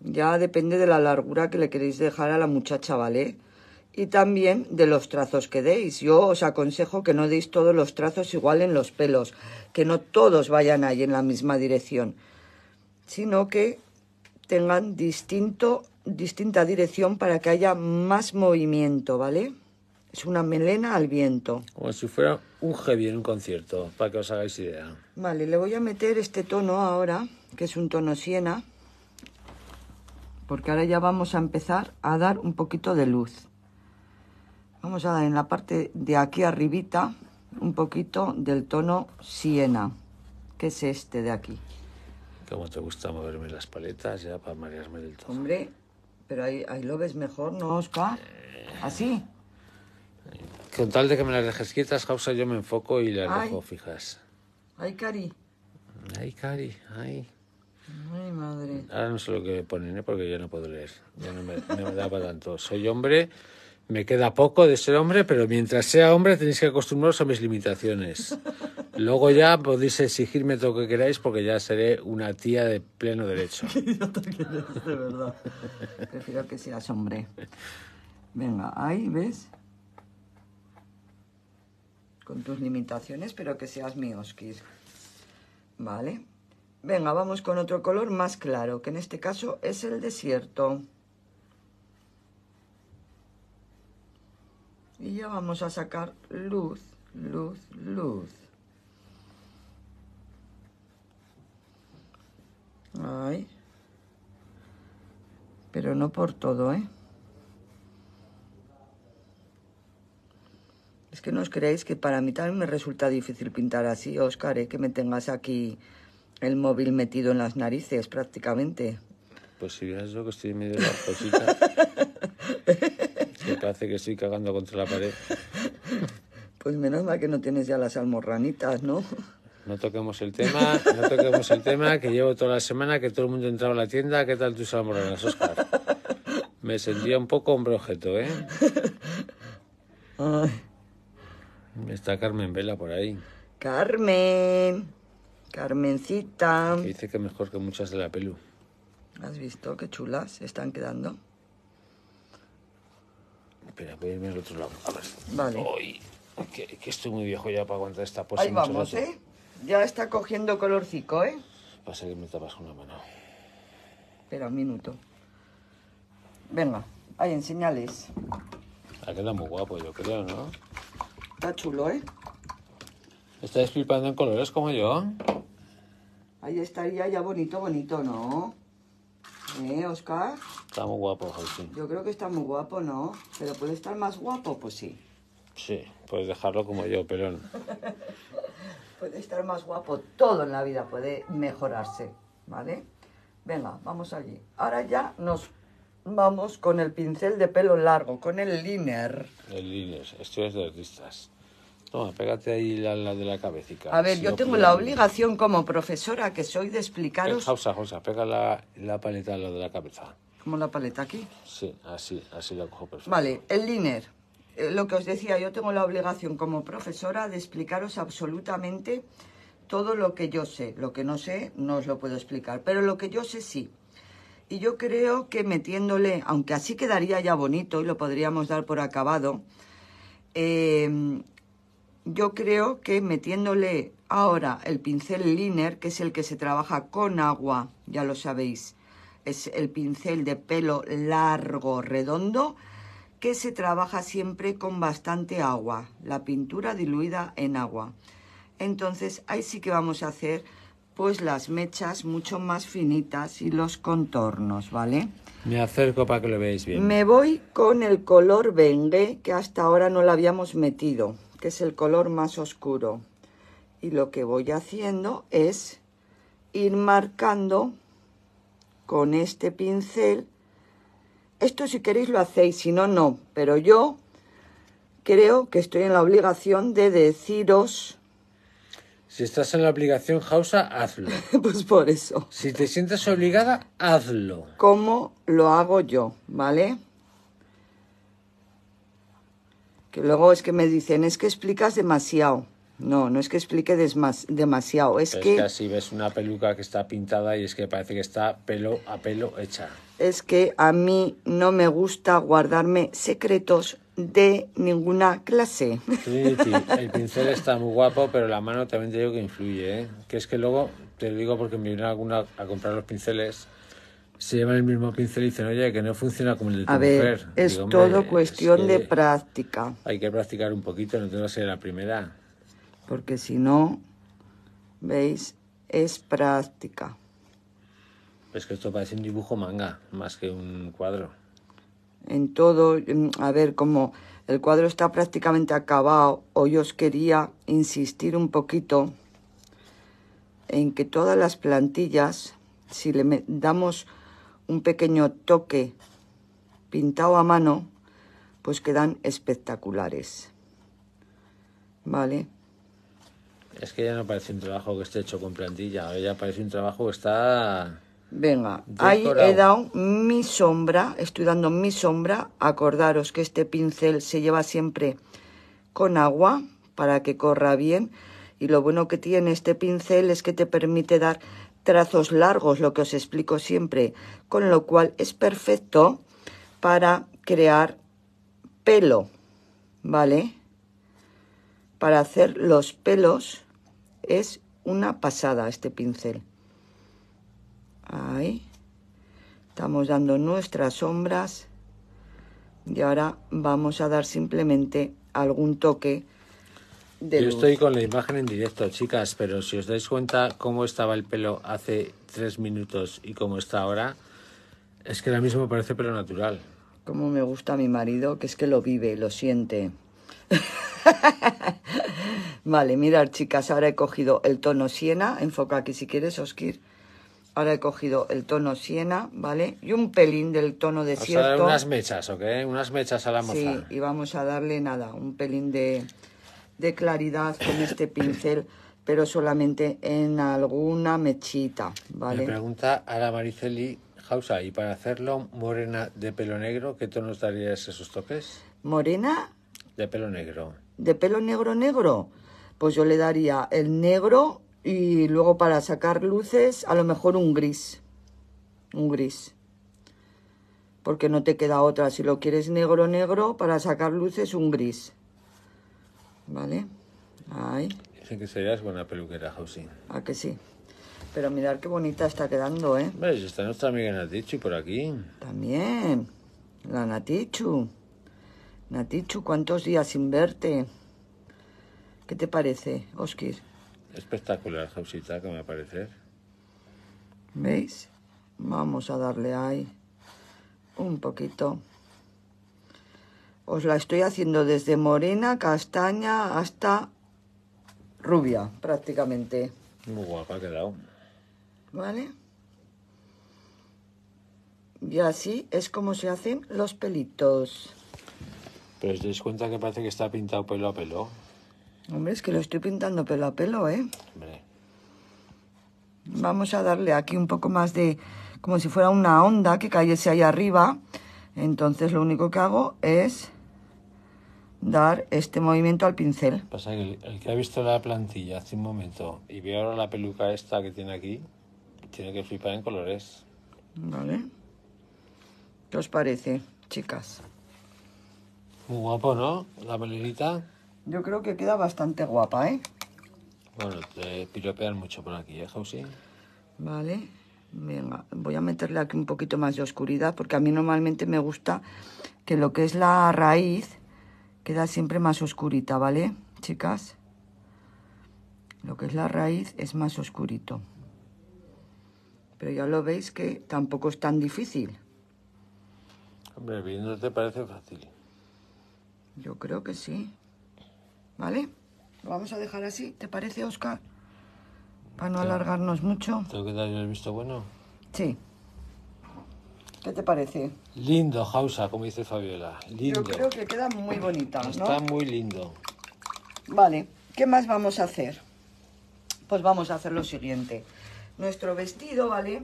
Ya depende de la largura que le queréis dejar a la muchacha, ¿vale? y también de los trazos que deis. Yo os aconsejo que no deis todos los trazos igual en los pelos, que no todos vayan ahí en la misma dirección, sino que tengan distinto, distinta dirección para que haya más movimiento, ¿vale? Es una melena al viento. Como si fuera un heavy en un concierto, para que os hagáis idea. Vale, le voy a meter este tono ahora, que es un tono siena, porque ahora ya vamos a empezar a dar un poquito de luz. Vamos a dar en la parte de aquí arribita un poquito del tono siena, que es este de aquí. ¿Cómo te gusta moverme las paletas ya para marearme del tono? Hombre, pero ahí, lo ves mejor, ¿no, Oscar? Eh. ¿Así? Con tal de que me las dejes quietas, causa yo me enfoco y las dejo fijas. Ay, Cari. Ay, Cari, ay. Ay, madre. Ahora no sé lo que ponen, ¿eh? porque yo no puedo leer. Yo no me, no me daba tanto. Soy hombre me queda poco de ser hombre, pero mientras sea hombre tenéis que acostumbraros a mis limitaciones. Luego ya podéis exigirme todo lo que queráis porque ya seré una tía de pleno derecho. de verdad. Prefiero que seas hombre. Venga, ahí, ¿ves? Con tus limitaciones, pero que seas mi Oskis. Vale. Venga, vamos con otro color más claro, que en este caso es el desierto. y ya vamos a sacar luz, luz, luz. Ahí. Pero no por todo, ¿eh? Es que no os creéis que para mí también me resulta difícil pintar así, Oscar, ¿eh? que me tengas aquí el móvil metido en las narices prácticamente. Pues si vieras lo que estoy medio de las Hace que estoy cagando contra la pared. Pues menos mal que no tienes ya las almorranitas, ¿no? No toquemos el tema, no toquemos el tema, que llevo toda la semana, que todo el mundo entraba a la tienda. ¿Qué tal tus almorranas, Oscar? Me sentía un poco hombre objeto, ¿eh? Está Carmen Vela por ahí. Carmen. Carmencita. dice que mejor que muchas de la pelu. ¿Has visto qué chulas están quedando? Espera, voy a irme al otro lado. A ver. Vale. que, estoy muy viejo ya para aguantar esta puesta. Ahí vamos, ¿eh? Ya está cogiendo colorcico, ¿eh? Pasa que me tapas una mano. Espera un minuto. Venga, ahí enseñales. Ha quedado muy guapo, yo creo, ¿no? Está chulo, ¿eh? Está flipando en colores como yo? Ahí estaría ya bonito, bonito, ¿no? ¿Eh, Oscar? Está muy guapo. Yo creo que está muy guapo, ¿no? ¿Pero puede estar más guapo? Pues sí. Sí, puedes dejarlo como yo, pero no. puede estar más guapo. Todo en la vida puede mejorarse, ¿vale? Venga, vamos allí. Ahora ya nos vamos con el pincel de pelo largo, con el liner. El liner, esto es de artistas. Toma, pégate ahí la, de la cabecita. A ver, yo tengo la obligación como profesora que soy de explicaros... Pausa, eh, pausa, pega la, la paleta la de la cabeza. ¿Cómo la paleta aquí. Sí, así, así la cojo Vale, el liner. Eh, lo que os decía, yo tengo la obligación como profesora de explicaros absolutamente todo lo que yo sé. Lo que no sé, no os lo puedo explicar, pero lo que yo sé sí. Y yo creo que metiéndole, aunque así quedaría ya bonito y lo podríamos dar por acabado, em, yo creo que metiéndole ahora el pincel liner, que es el que se trabaja con agua, ya lo sabéis, es el pincel de pelo largo, redondo, que se trabaja siempre con bastante agua, la pintura diluida en agua. Entonces ahí sí que vamos a hacer pues las mechas mucho más finitas y los contornos, ¿vale? Me acerco para que lo veáis bien. Me voy con el color Bengue, que hasta ahora no lo habíamos metido, que es el color más oscuro. Y lo que voy haciendo es ir marcando con este pincel. Esto si queréis lo hacéis, si no, no. Pero yo creo que estoy en la obligación de deciros... Si estás en la obligación, Jausa, hazlo. pues por eso. Si te sientes obligada, hazlo. ¿Cómo lo hago yo? ¿Vale? Que luego es que me dicen, es que explicas demasiado. No, no es que explique más demasiado. Es, que, así ves una peluca que está pintada y es que parece que está pelo a pelo hecha. Es que a mí no me gusta guardarme secretos de ninguna clase. el pincel está muy guapo, pero la mano también te digo que influye. ¿eh? Que es que luego, te lo digo porque me vino alguna a comprar los pinceles se llevan el mismo pincel y dicen, oye, que no funciona como el de A ver, es todo cuestión de práctica. Hay que practicar un poquito, no tengo que ser la primera porque si no, veis, es práctica. Es que esto parece un dibujo manga, más que un cuadro. En todo, mm, a ver, como el cuadro está prácticamente acabado, hoy os quería insistir un poquito en que todas las plantillas, si le damos un pequeño toque pintado a mano, pues quedan espectaculares. ¿Vale? Es que ya no parece un trabajo que esté hecho con plantilla, ya parece un trabajo que está... Venga, ahí he dado mi sombra, estoy dando mi sombra. Acordaros que este pincel se lleva siempre con agua para que corra bien. Y lo bueno que tiene este pincel es que te permite dar trazos largos, lo que os explico siempre, con lo cual es perfecto para crear pelo, ¿vale? Para hacer los pelos es una pasada este pincel. Ahí. Estamos dando nuestras sombras. Y ahora vamos a dar simplemente algún toque de Yo estoy con la imagen en directo, chicas, pero si os dais cuenta cómo estaba el pelo hace tres minutos y cómo está ahora, es que ahora mismo parece pero natural. Como me gusta a mi marido, que es que lo vive, lo siente. vale, mirad, chicas, ahora he cogido el tono siena. Enfoca aquí si quieres, Oskir. Ahora he cogido el tono siena, ¿vale? Y un pelín del tono desierto. Vamos a unas mechas, ¿ok? Unas mechas a la moza. Sí, y vamos a darle, nada, un pelín de, claridad con este pincel pero solamente en alguna mechita, ¿vale? Me pregunta a la Mariceli Hausa ¿y para hacerlo morena de pelo negro, qué tonos darías esos toques? ¿Morena? De pelo negro de pelo negro negro, pues yo le daría el negro y luego para sacar luces a lo mejor un gris, un gris. Porque no te queda otra, si lo quieres negro negro, para sacar luces un gris. ¿Vale? Ahí. Dicen que serías buena peluquera, housing Ah, que sí. Pero mirar qué bonita está quedando, ¿eh? ¿Ves? Está nuestra amiga Natichu por aquí. También. La Natichu. Natichu, ¿cuántos días sin verte? ¿Qué te parece, Oskir? Espectacular, Jausita, que me parece. ¿Veis? Vamos a darle ahí un poquito. Os la estoy haciendo desde morena, castaña, hasta rubia, prácticamente. Muy guapa ha quedado. ¿Vale? Y así es como se hacen los pelitos. Pero os das cuenta que parece que está pintado pelo a pelo. Hombre, es que lo estoy pintando pelo a pelo, ¿eh? Hombre. Vamos a darle aquí un poco más de... como si fuera una onda que cayese ahí arriba. Entonces lo único que hago es dar este movimiento al pincel. Pasa el, el, que ha visto la plantilla hace un momento y ve ahora la peluca esta que tiene aquí, tiene que flipar en colores. Vale. ¿Qué os parece, chicas? Muy guapo, ¿no? La palerita. Yo creo que queda bastante guapa, ¿eh? Bueno, te piropean mucho por aquí, ¿eh, Jausi? Vale. Venga, voy a meterle aquí un poquito más de oscuridad porque a mí normalmente me gusta que lo que es la raíz queda siempre más oscurita, ¿vale, chicas? Lo que es la raíz es más oscurito. Pero ya lo veis que tampoco es tan difícil. Hombre, no te parece fácil. Yo creo que sí. ¿Vale? Lo vamos a dejar así, ¿te parece, Oscar? Para no alargarnos mucho. ¿Te que dar visto bueno? Sí. ¿Qué te parece? Lindo, Hausa, como dice Fabiola. Lindo. Yo creo que queda muy bonita, ¿no? Está muy lindo. Vale, ¿qué más vamos a hacer? Pues vamos a hacer lo siguiente. Nuestro vestido, ¿vale?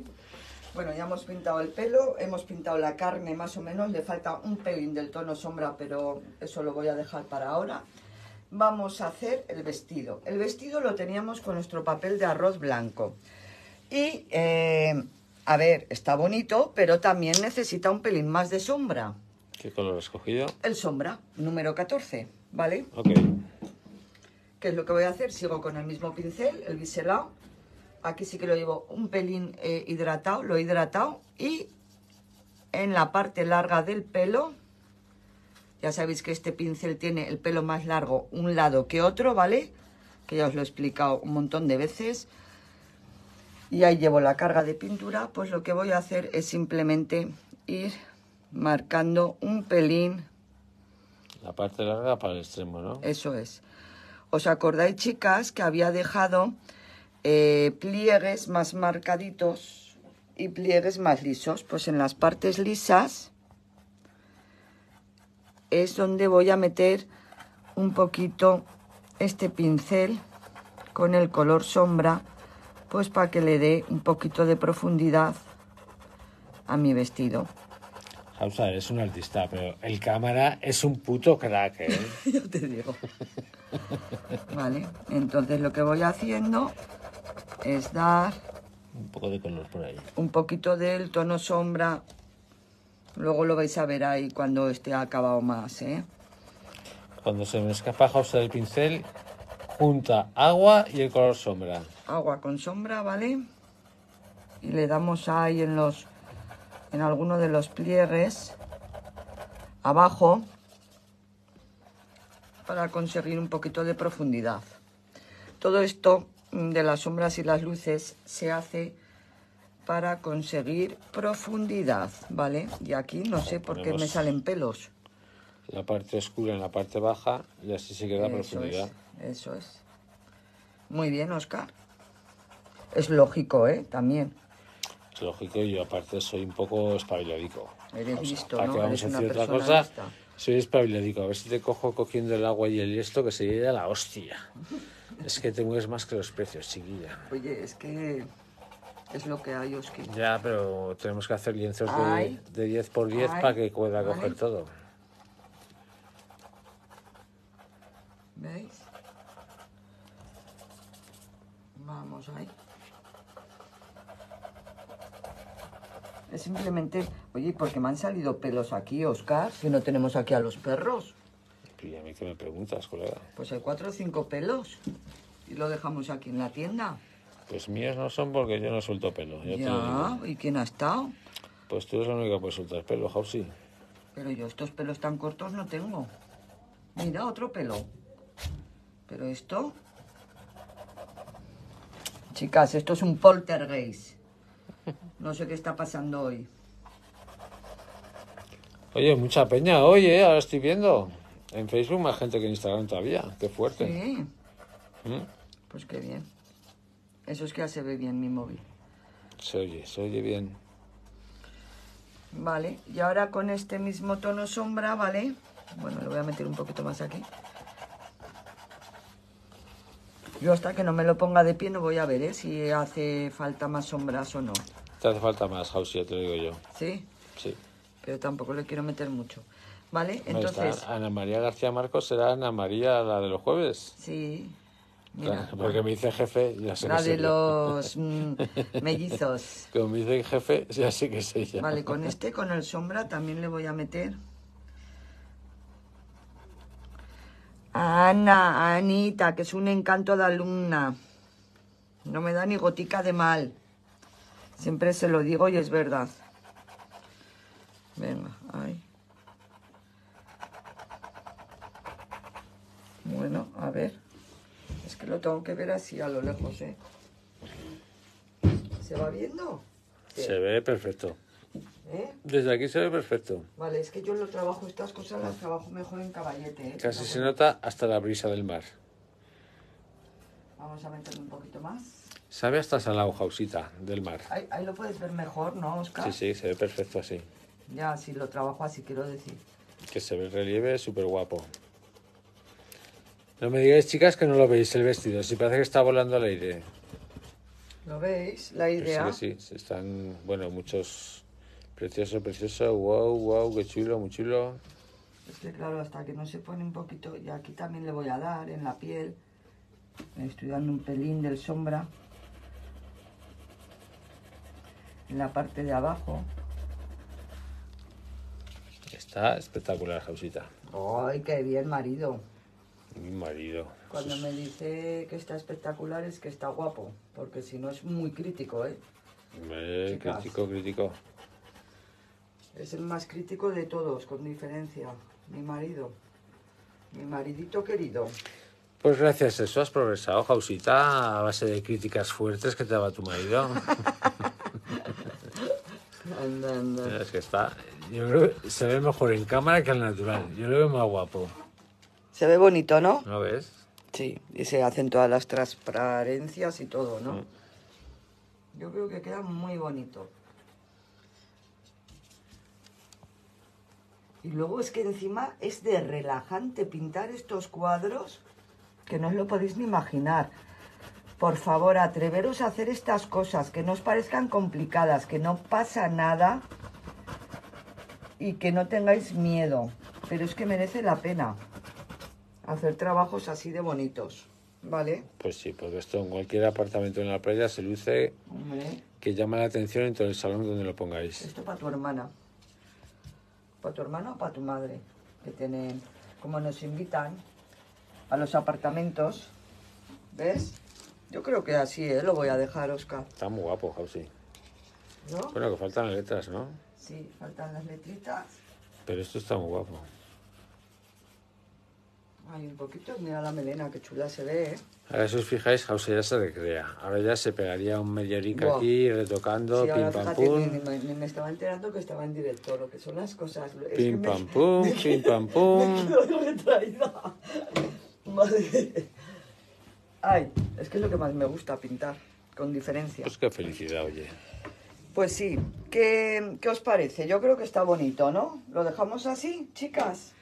Bueno, ya hemos pintado el pelo, hemos pintado la carne más o menos, le falta un pelín del tono sombra, pero eso lo voy a dejar para ahora. Vamos a hacer el vestido. El vestido lo teníamos con nuestro papel de arroz blanco. Y, eh, a ver, está bonito, pero también necesita un pelín más de sombra. ¿Qué color has cogido? El sombra, número 14, ¿vale? Ok. ¿Qué es lo que voy a hacer? Sigo con el mismo pincel, el biselado aquí sí que lo llevo un pelín eh, hidratado, lo he hidratado. Y en la parte larga del pelo, ya sabéis que este pincel tiene el pelo más largo un lado que otro, ¿vale? Que ya os lo he explicado un montón de veces. Y ahí llevo la carga de pintura, pues lo que voy a hacer es simplemente ir marcando un pelín. La parte larga para el extremo, ¿no? Eso es. ¿Os acordáis, chicas, que había dejado eh, pliegues más marcaditos y pliegues más lisos. Pues en las partes lisas es donde voy a meter un poquito este pincel con el color sombra, pues para que le dé un poquito de profundidad a mi vestido. es un artista, pero el cámara es un puto crack, ¿eh? vale, entonces lo que voy haciendo es dar... Un poco de color por ahí. Un poquito del tono sombra. Luego lo vais a ver ahí cuando esté acabado más, ¿eh? Cuando se me escapa usa el pincel, junta agua y el color sombra. Agua con sombra, ¿vale? Y le damos ahí en los... En alguno de los pliegues. Abajo. Para conseguir un poquito de profundidad. Todo esto de las sombras y las luces se hace para conseguir profundidad, ¿vale? Y aquí no sé por qué me salen pelos. La parte oscura en la parte baja y así se queda profundidad. eso es. Muy bien, Oscar. Es lógico, ¿eh? También. Es lógico y yo aparte soy un poco espabiladico. Eres ¿no? a decir Soy espabiladico. A ver si te cojo cogiendo el agua y el esto que se lleve a la hostia. Es que te mueves más que los precios, chiquilla. Oye, es que es lo que hay, Oscar. Ya, pero tenemos que hacer lienzos de, 10 por 10 para que pueda coger todo. ¿Veis? Vamos ahí. Es simplemente, oye, porque me han salido pelos aquí, Oscar, que no tenemos aquí a los perros. ¿Y a mí qué me preguntas, colega? Pues hay cuatro o cinco pelos. Y lo dejamos aquí en la tienda. Pues míos no son porque yo no suelto pelo. ya, ¿y quién ha estado? Pues tú eres la única que puede soltar pelo, Jausi. Pero yo estos pelos tan cortos no tengo. Mira, otro pelo. Pero esto... Chicas, esto es un poltergeist. No sé qué está pasando hoy. Oye, mucha peña, oye, ¿eh? ahora estoy viendo. En Facebook más gente que en Instagram todavía. Qué fuerte. Sí. ¿Mm? Pues qué bien. Eso es que ya se ve bien mi móvil. Se oye, se oye bien. Vale, y ahora con este mismo tono sombra, ¿vale? Bueno, lo voy a meter un poquito más aquí. Yo hasta que no me lo ponga de pie no voy a ver ¿eh? si hace falta más sombras o no. Te hace falta más, House, ya te lo digo yo. ¿Sí? Sí. Pero tampoco le quiero meter mucho. ¿Vale? Entonces. Ana María García Marcos será Ana María, la de los jueves. Sí. Porque me dice jefe, ya sé la de los mm, mellizos. Como me dice jefe, ya sé que es ella. Vale, con este, con el sombra, también le voy a meter. Ana, Anita, que es un encanto de alumna. No me da ni gotica de mal. Siempre se lo digo y es verdad. Venga. Bueno, a ver. Es que lo tengo que ver así a lo lejos, ¿eh? ¿Se va viendo? Se ve perfecto. ¿Eh? Desde aquí se ve perfecto. Vale, es que yo lo trabajo, estas cosas las trabajo mejor en caballete. ¿eh? Casi se nota hasta la brisa del mar. Vamos a meterle un poquito más. Sabe hasta la hojausita del mar. Ahí, lo puedes ver mejor, ¿no, Oscar? Sí, sí, se ve perfecto así. Ya, sí, lo trabajo así, quiero decir. Que se ve el relieve súper guapo. No me digáis, chicas, que no lo veis el vestido. Si parece que está volando al aire. ¿Lo veis? La idea. Sí, sí, sí, están, bueno, muchos. Precioso, precioso. Wow, wow, qué chulo, muy chulo. Es que claro, hasta que no se pone un poquito. Y aquí también le voy a dar en la piel. estoy dando un pelín del sombra. En la parte de abajo. Está espectacular, Jausita. ¡Ay, qué bien, marido! Mi marido. Cuando me dice que está espectacular es que está guapo, porque si no es muy crítico, ¿eh? crítico, crítico. Es el más crítico de todos, con diferencia. Mi marido. Mi maridito querido. Pues gracias a eso has progresado, Jausita, a base de críticas fuertes que te daba tu marido. Es que está. Yo creo se ve mejor en cámara que al natural. Yo lo veo más guapo. Se ve bonito, ¿no? ¿Lo ves? Sí, y se hacen todas las transparencias y todo, ¿no? Mm. Yo creo que queda muy bonito. Y luego es que encima es de relajante pintar estos cuadros que no os lo podéis ni imaginar. Por favor, atreveros a hacer estas cosas, que no os parezcan complicadas, que no pasa nada y que no tengáis miedo. Pero es que merece la pena hacer trabajos así de bonitos, ¿vale? Pues sí, porque esto en cualquier apartamento en la playa se luce que llama la atención en todo el salón donde lo pongáis. Esto para tu hermana. ¿Para tu hermana o para tu madre? Que tienen, como nos invitan a los apartamentos, ¿ves? Yo creo que así ¿eh? lo voy a dejar, Oscar. Está muy guapo, Jausi. Bueno, que faltan las letras, ¿no? Sí, faltan las letritas. Pero esto está muy guapo. Hay un poquito, mira la melena, qué chula se ve, ¿eh? Ahora si os fijáis, Jausa ya se recrea. Ahora ya se pegaría un mediorica aquí, retocando, pim pam pum. Me, me, estaba enterando que estaba en directo, lo que son las cosas. Pim pam pum, pim pam pum. Me Madre. Ay, es que es lo que más me gusta pintar, con diferencia. Pues qué felicidad, oye. Pues sí, ¿Qué, ¿qué os parece? Yo creo que está bonito, ¿no? ¿Lo dejamos así, chicas?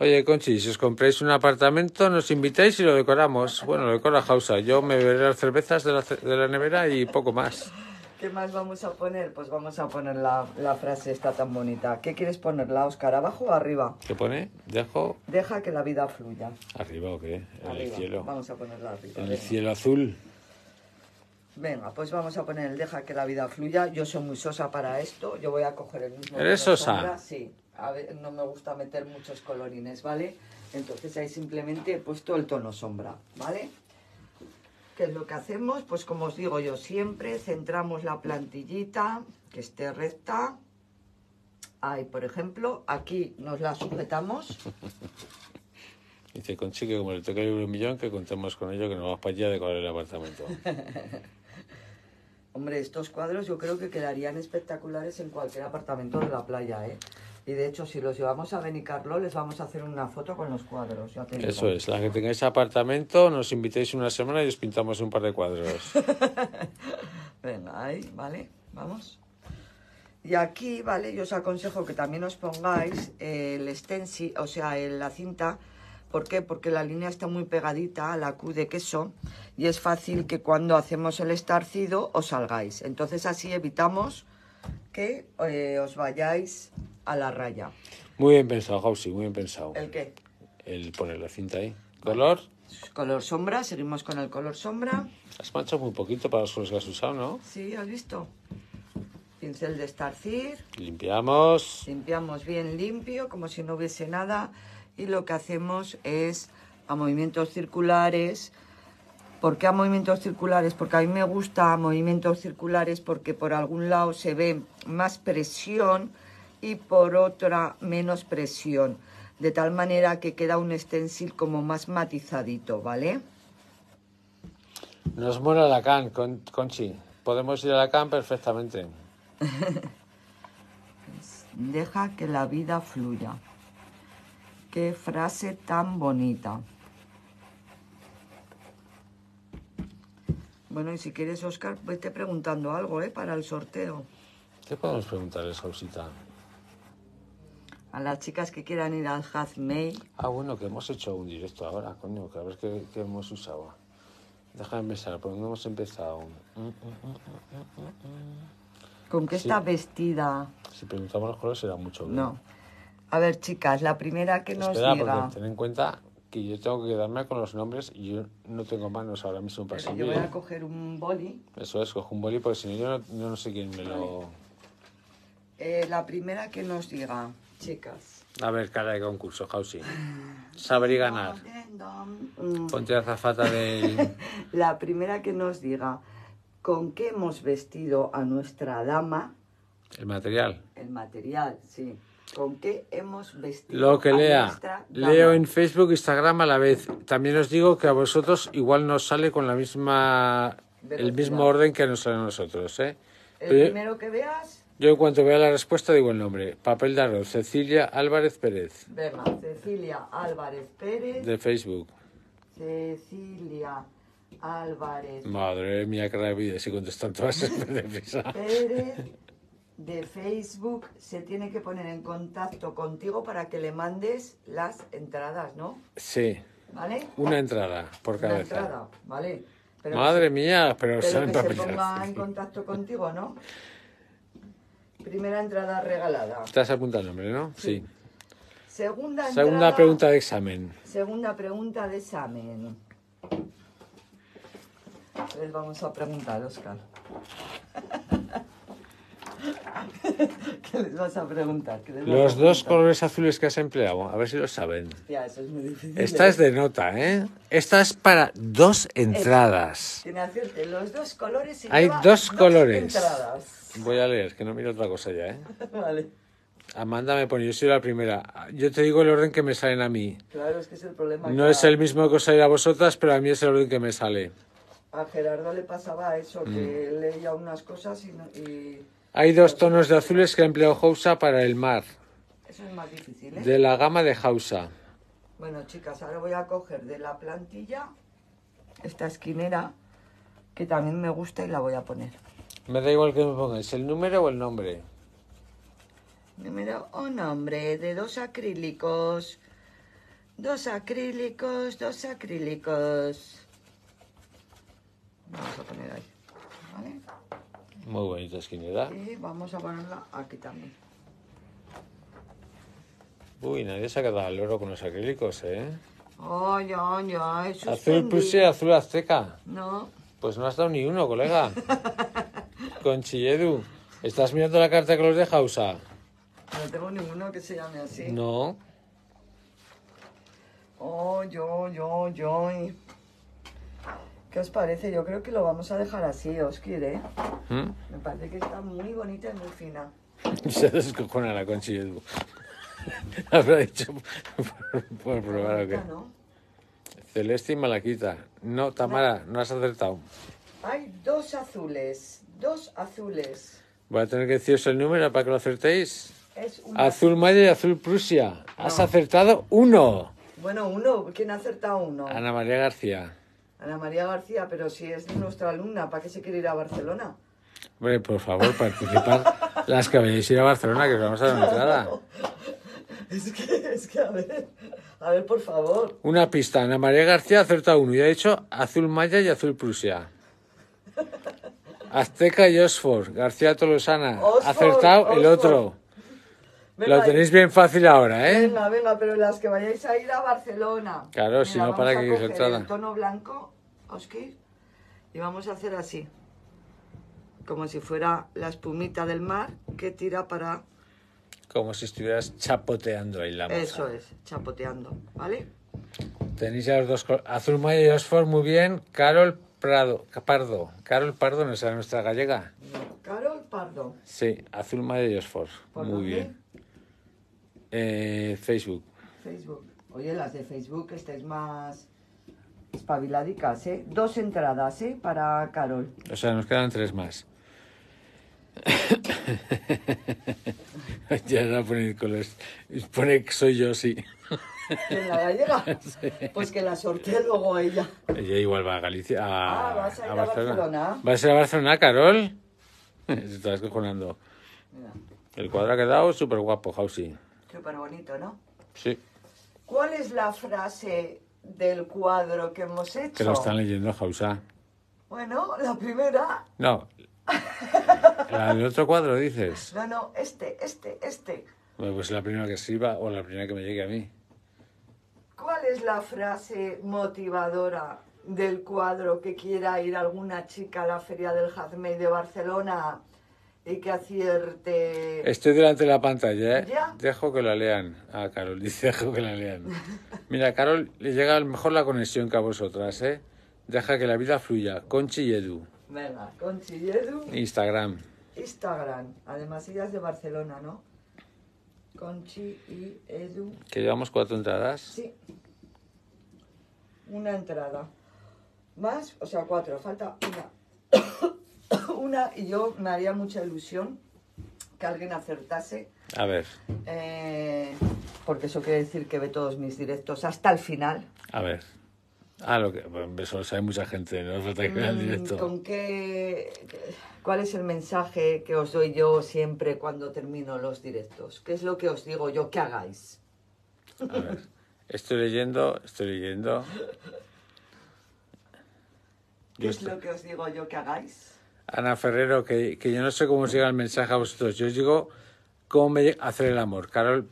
Oye, Conchi, si os compréis un apartamento, nos invitáis y lo decoramos. Bueno, lo decora Jausa. Yo me beberé las cervezas de la, de la nevera y poco más. ¿Qué más vamos a poner? Pues vamos a poner la, la frase esta tan bonita. ¿Qué quieres ponerla, Oscar? ¿Abajo o arriba? ¿Qué pone? Dejo. Deja que la vida fluya. ¿Arriba o qué? Al cielo. Vamos a ponerla arriba. En el cielo azul. Venga, pues vamos a poner el deja que la vida fluya. Yo soy muy sosa para esto. Yo voy a coger el mismo. ¿Eres sosa? Sí. no me gusta meter muchos colorines, ¿vale? Entonces ahí simplemente he puesto el tono sombra, ¿vale? ¿Qué es lo que hacemos? Pues como os digo yo siempre, centramos la plantillita que esté recta. Ahí, por ejemplo, aquí nos la sujetamos. Dice con chique, como le toca el millón, que contemos con ello, que nos vamos para allá de decorar el apartamento. Hombre, estos cuadros yo creo que quedarían espectaculares en cualquier apartamento de la playa, ¿eh? Y de hecho, si los llevamos a Benicarlo, les vamos a hacer una foto con los cuadros. Eso es, la que tengáis apartamento, nos invitéis una semana y os pintamos un par de cuadros. Venga, ahí, ¿vale? Vamos. Y aquí, ¿vale? Yo os aconsejo que también os pongáis el stencil, o sea, la cinta ¿Por qué? Porque la línea está muy pegadita a la Q de queso y es fácil que cuando hacemos el estarcido os salgáis. Entonces así evitamos que eh, os vayáis a la raya. Muy bien pensado, Jausi, muy bien pensado. ¿El qué? El poner la cinta ahí. ¿Color? Color sombra, seguimos con el color sombra. Has manchado muy poquito para los colores que has usado, ¿no? Sí, has visto. Pincel de estarcir. Limpiamos. Limpiamos bien limpio, como si no hubiese nada y lo que hacemos es a movimientos circulares. ¿Por qué a movimientos circulares? Porque a mí me gusta a movimientos circulares porque por algún lado se ve más presión y por otra menos presión. De tal manera que queda un stencil como más matizadito, ¿vale? Nos mola la can, con, Conchi. Podemos ir a la can perfectamente. Pues deja que la vida fluya. Qué frase tan bonita. Bueno, y si quieres, Oscar, vete preguntando algo, ¿eh? Para el sorteo. ¿Qué podemos preguntarles, Josita? A las chicas que quieran ir al Hazmei. Ah, bueno, que hemos hecho un directo ahora, coño, que a ver qué, hemos usado. Déjame empezar, ¿por dónde hemos empezado? Mm, mm, mm, ¿Con qué está vestida? Si preguntamos los colores, será mucho. Bien. No. A ver, chicas, la primera que nos diga... Espera, Porque ten en cuenta que yo tengo que quedarme con los nombres y yo no tengo manos ahora mismo para Yo voy a coger un boli. Eso es, cojo un boli porque si no, yo no, sé quién me lo. Eh, la primera que nos diga, chicas. A ver, cara de concurso, Jausi. Saber ganar. Mm. Ponte azafata de. la primera que nos diga, ¿con qué hemos vestido a nuestra dama? El material. El material, sí. ¿Con qué hemos vestido? Lo que lea. Leo en Facebook, Instagram a la vez. También os digo que a vosotros igual nos sale con la misma el mismo orden que nos sale a nosotros. ¿eh? El primero que veas. Yo en cuanto vea la respuesta digo el nombre. Papel de arroz, Cecilia Álvarez Pérez. Venga, Cecilia Álvarez Pérez. De Facebook. Cecilia Álvarez. Madre mía, qué rabia, si contestan todas esas Pérez de Facebook se tiene que poner en contacto contigo para que le mandes las entradas, ¿no? Sí. ¿Vale? Una entrada por cada entrada, Madre mía, pero, que se ponga en contacto contigo, ¿no? Primera entrada regalada. Estás apuntando el nombre, ¿no? Sí. Segunda, segunda pregunta de examen. Segunda pregunta de examen. Les vamos a preguntar, Oscar. ¿Qué les vas a preguntar? los dos colores azules que has empleado, a ver si lo saben. eso es muy difícil. Esta es de nota, ¿eh? Esta es para dos eh, entradas. Tiene los dos colores y Hay dos, colores. Voy a leer, que no miro otra cosa ya, ¿eh? vale. Amanda me pone, yo soy la primera. Yo te digo el orden que me salen a mí. Claro, es que es el problema. No es el mismo que os sale a vosotras, pero a mí es el orden que me sale. A Gerardo le pasaba eso, que mm. leía unas cosas y hay dos tonos de azules que empleó Hausa para el mar. Eso es más difícil, ¿eh? De la gama de Hausa. Bueno, chicas, ahora voy a coger de la plantilla esta esquinera que también me gusta y la voy a poner. Me da igual que me pongas el número o el nombre. Número o nombre de dos acrílicos. Dos acrílicos, dos acrílicos. Vamos a poner ahí, ¿vale? Muy bonita esquinera. Y vamos a ponerla aquí también. Uy, nadie se ha quedado al oro con los acrílicos, ¿eh? Ay, ay, ay. Azul puse azul azteca. No. Pues no has dado ni uno, colega. Conchilledu, ¿estás mirando la carta que los deja Hausa? No tengo ninguno que se llame así. No. Oh, yo, yo, yo. ¿Qué os parece? Yo creo que lo vamos a dejar así, os ¿eh? ¿Mm? Me parece que está muy bonita y muy fina. Se descojona la Conchi Habrá dicho por, probar o qué. Celeste y Malaquita. No, Tamara, no has acertado. Hay dos azules, dos azules. Voy a tener que deciros el número para que lo acertéis. Azul Maya y Azul Prusia. Has acertado uno. Bueno, uno. ¿Quién ha acertado uno? Ana María García. Ana María García, pero si es nuestra alumna, ¿para qué se quiere ir a Barcelona? Hombre, por favor, participar las que vayáis a ir a Barcelona, que os vamos a dar una Es que, es que, a ver, a ver, por favor. Una pista, Ana María García acertado uno y ha dicho azul maya y azul prusia. Azteca y Oxford, García Tolosana, acertado el otro lo tenéis bien fácil ahora, ¿eh? Venga, venga, pero las que vayáis a ir a Barcelona. Claro, si no, para que os entrada. tono blanco, Oski, y vamos a hacer así. Como si fuera la espumita del mar que tira para. Como si estuvieras chapoteando ahí la moza. Eso es, chapoteando, ¿vale? Tenéis ya los dos. Azul Maya y Osfor, muy bien. Carol Prado, Pardo. Carol Pardo, ¿no será nuestra gallega? No, Carol Pardo. Sí, Azul Maya y Osfor. Muy bien. Eh, Facebook. Facebook. Oye, las de Facebook estáis más espabiladicas, ¿eh? Dos entradas, ¿eh? Para Carol. O sea, nos quedan tres más. ya no pone colores. Pone que soy yo, sí. ¿En la gallega? Pues que la sortee luego ella. Ella igual va a Galicia. A, ah, vas a, ir a Barcelona. Va ¿Vas a ir a Barcelona, Carol? Se está cojonando. El cuadro ha quedado súper guapo, housing. Súper bonito, ¿no? Sí. ¿Cuál es la frase del cuadro que hemos hecho? Que lo están leyendo Jausa. Bueno, la primera. No. la del otro cuadro dices. No, no, este, este, este. Bueno, pues la primera que sirva o la primera que me llegue a mí. ¿Cuál es la frase motivadora del cuadro que quiera ir alguna chica a la Feria del Jazmín de Barcelona y que acierte. Estoy delante de la pantalla, ¿eh? Dejo que la lean. Ah, Carol, dice, dejo que la lean. Mira, Carol, le llega mejor la conexión que a vosotras, ¿eh? Deja que la vida fluya. Conchi y Edu. Venga, Conchi y Edu. Instagram. Instagram. Además, ella es de Barcelona, ¿no? Conchi y Edu. ¿Que llevamos cuatro entradas? Sí. Una entrada. Más, o sea, cuatro. Falta una. una, y yo me haría mucha ilusión que alguien acertase. A ver. Eh, porque eso quiere decir que ve todos mis directos hasta el final. A ver. Ah, lo que, eso lo sabe mucha gente, no que mm, ¿Con qué, ¿Cuál es el mensaje que os doy yo siempre cuando termino los directos? ¿Qué es lo que os digo yo que hagáis? A ver, estoy leyendo, estoy leyendo. ¿Qué es lo que os digo yo que hagáis? Ana Ferrero, que, yo no sé cómo os llega el mensaje a vosotros. Yo os digo cómo hacer el amor. Carol,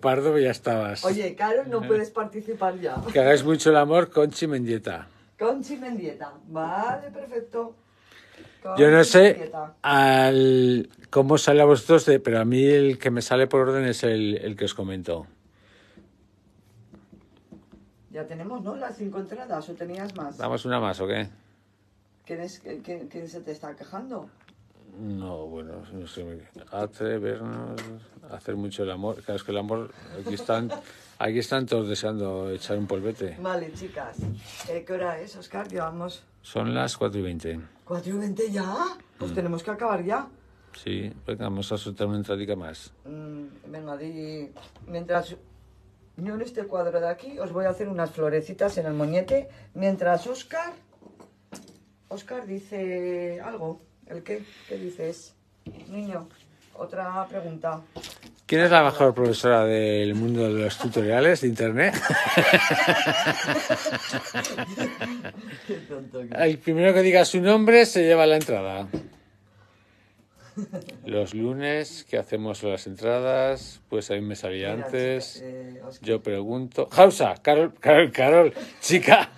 Pardo, ya estabas. Oye, Carol, no puedes participar ya. Que hagáis mucho el amor, con Mendieta. Conchi Mendieta. Vale, perfecto. yo no sé al, cómo sale a vosotros, pero a mí el que me sale por orden es el, el que os comento. Ya tenemos, ¿no? Las cinco entradas, o tenías más. ¿Damos una más o qué? Eh, ¿Quién, es, se te está quejando? No, bueno, no sé. Atrevernos, hacer mucho el amor. Claro, es que el amor, aquí están, aquí están todos deseando echar un polvete. Vale, chicas. Eh, ¿Qué hora es, Oscar? Llevamos. Son las 4 y 20. ¿4 y 20 ya? Pues mm. tenemos que acabar ya. Sí, venga, vamos a soltar una entradica más. Mm, venga, di. Mientras yo en este cuadro de aquí os voy a hacer unas florecitas en el moñete, mientras Oscar. Oscar dice algo. ¿El qué? ¿Qué dices? Niño, otra pregunta. ¿Quién es la mejor profesora del mundo de los tutoriales de internet? El primero que diga su nombre se lleva la entrada. Los lunes que hacemos las entradas, pues ahí me salía antes. Eh, yo pregunto. Jausa, Carol, Carol, Carol, chica.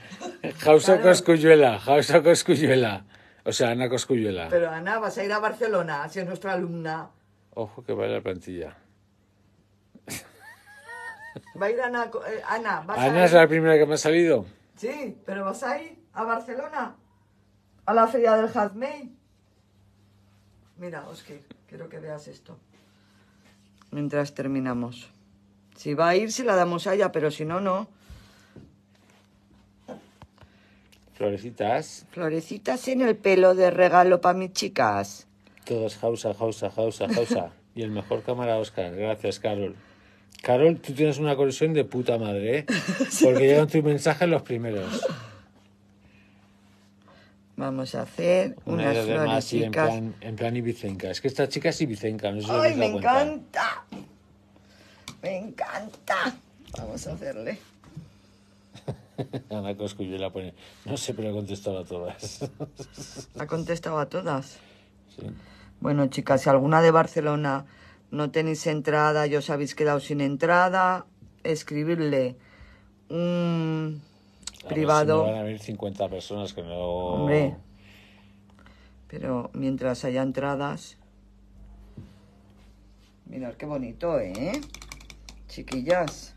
Jausa Coscuyuela, Jausa Coscuyuela. O sea, Ana Coscuyuela. Pero Ana, vas a ir a Barcelona, si es nuestra alumna. Ojo que va vaya la plantilla. Va a ir Ana. Eh, Ana, Ana es la primera que me ha salido. Sí, pero vas a ir a Barcelona, a la feria del Jazmey. Mira, Oscar, quiero que veas esto. Mientras terminamos. Si va a ir, se la damos allá, pero si no, no. Florecitas. Florecitas en el pelo de regalo para mis chicas. Todos jausa, jausa, jausa, jausa. y el mejor cámara Oscar. Gracias, Carol. Carol, tú tienes una conexión de puta madre, ¿eh? Porque llegan tus mensajes los primeros. Vamos a hacer una unas flores En plan, Es que esta chica es ibicenca. ¡Ay, me, encanta! ¡Me encanta! Vamos a hacerle. Ana la pone, no sé, pero ha contestado a todas. ¿Ha contestado a todas? Sí. Bueno, chicas, si alguna de Barcelona no tenéis entrada y os habéis quedado sin entrada, escribirle un privado. van a venir 50 personas que no. Hombre. Pero mientras haya entradas. Mirad qué bonito, ¿eh? Chiquillas.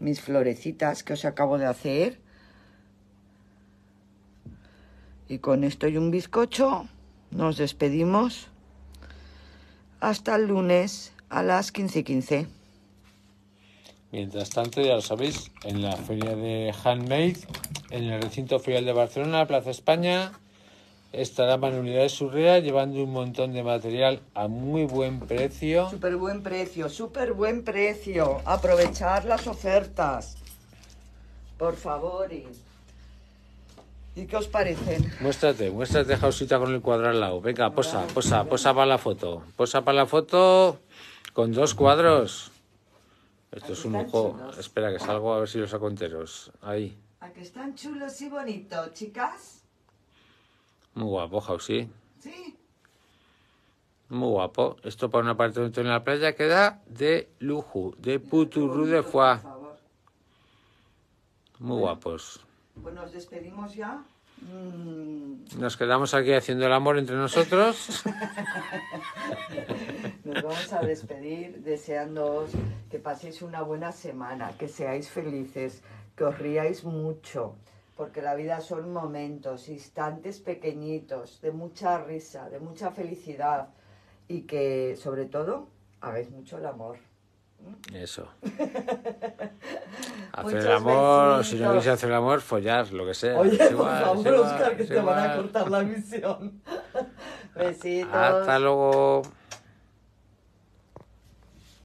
Mis florecitas que os acabo de hacer. Y con esto y un bizcocho nos despedimos. Hasta el lunes a las 15:15. 15. Mientras tanto, ya lo sabéis, en la feria de Handmade, en el recinto ferial de Barcelona, Plaza España, estará Manualidades Surrea llevando un montón de material a muy buen precio. Súper buen precio, súper buen precio. Aprovechar las ofertas. Por favor. Y... qué os parecen? Muéstrate, muéstrate, Jausita, con el cuadro al lado. Venga, posa, posa, posa para la foto. Posa para la foto con dos cuadros. Esto es un ojo, Espera, que salgo a ver si los aconteros Ahí. Aquí están chulos y bonitos, chicas. Muy guapo, Jausi. Sí. Muy guapo. Esto para una parte dentro en la playa queda de lujo, de puturru de foie. Muy guapos. Pues nos despedimos ya. Mm. Nos quedamos aquí haciendo el amor entre nosotros. Nos vamos a despedir deseándoos que paséis una buena semana, que seáis felices, que os ríais mucho, porque la vida son momentos, instantes pequeñitos, de mucha risa, de mucha felicidad y que sobre todo hagáis mucho el amor. Eso. Hacer el amor, si no quieres hacer el amor, follar, lo que sea. Oye, igual, por favor, Oscar, que te van a cortar la misión. Besitos. Hasta luego.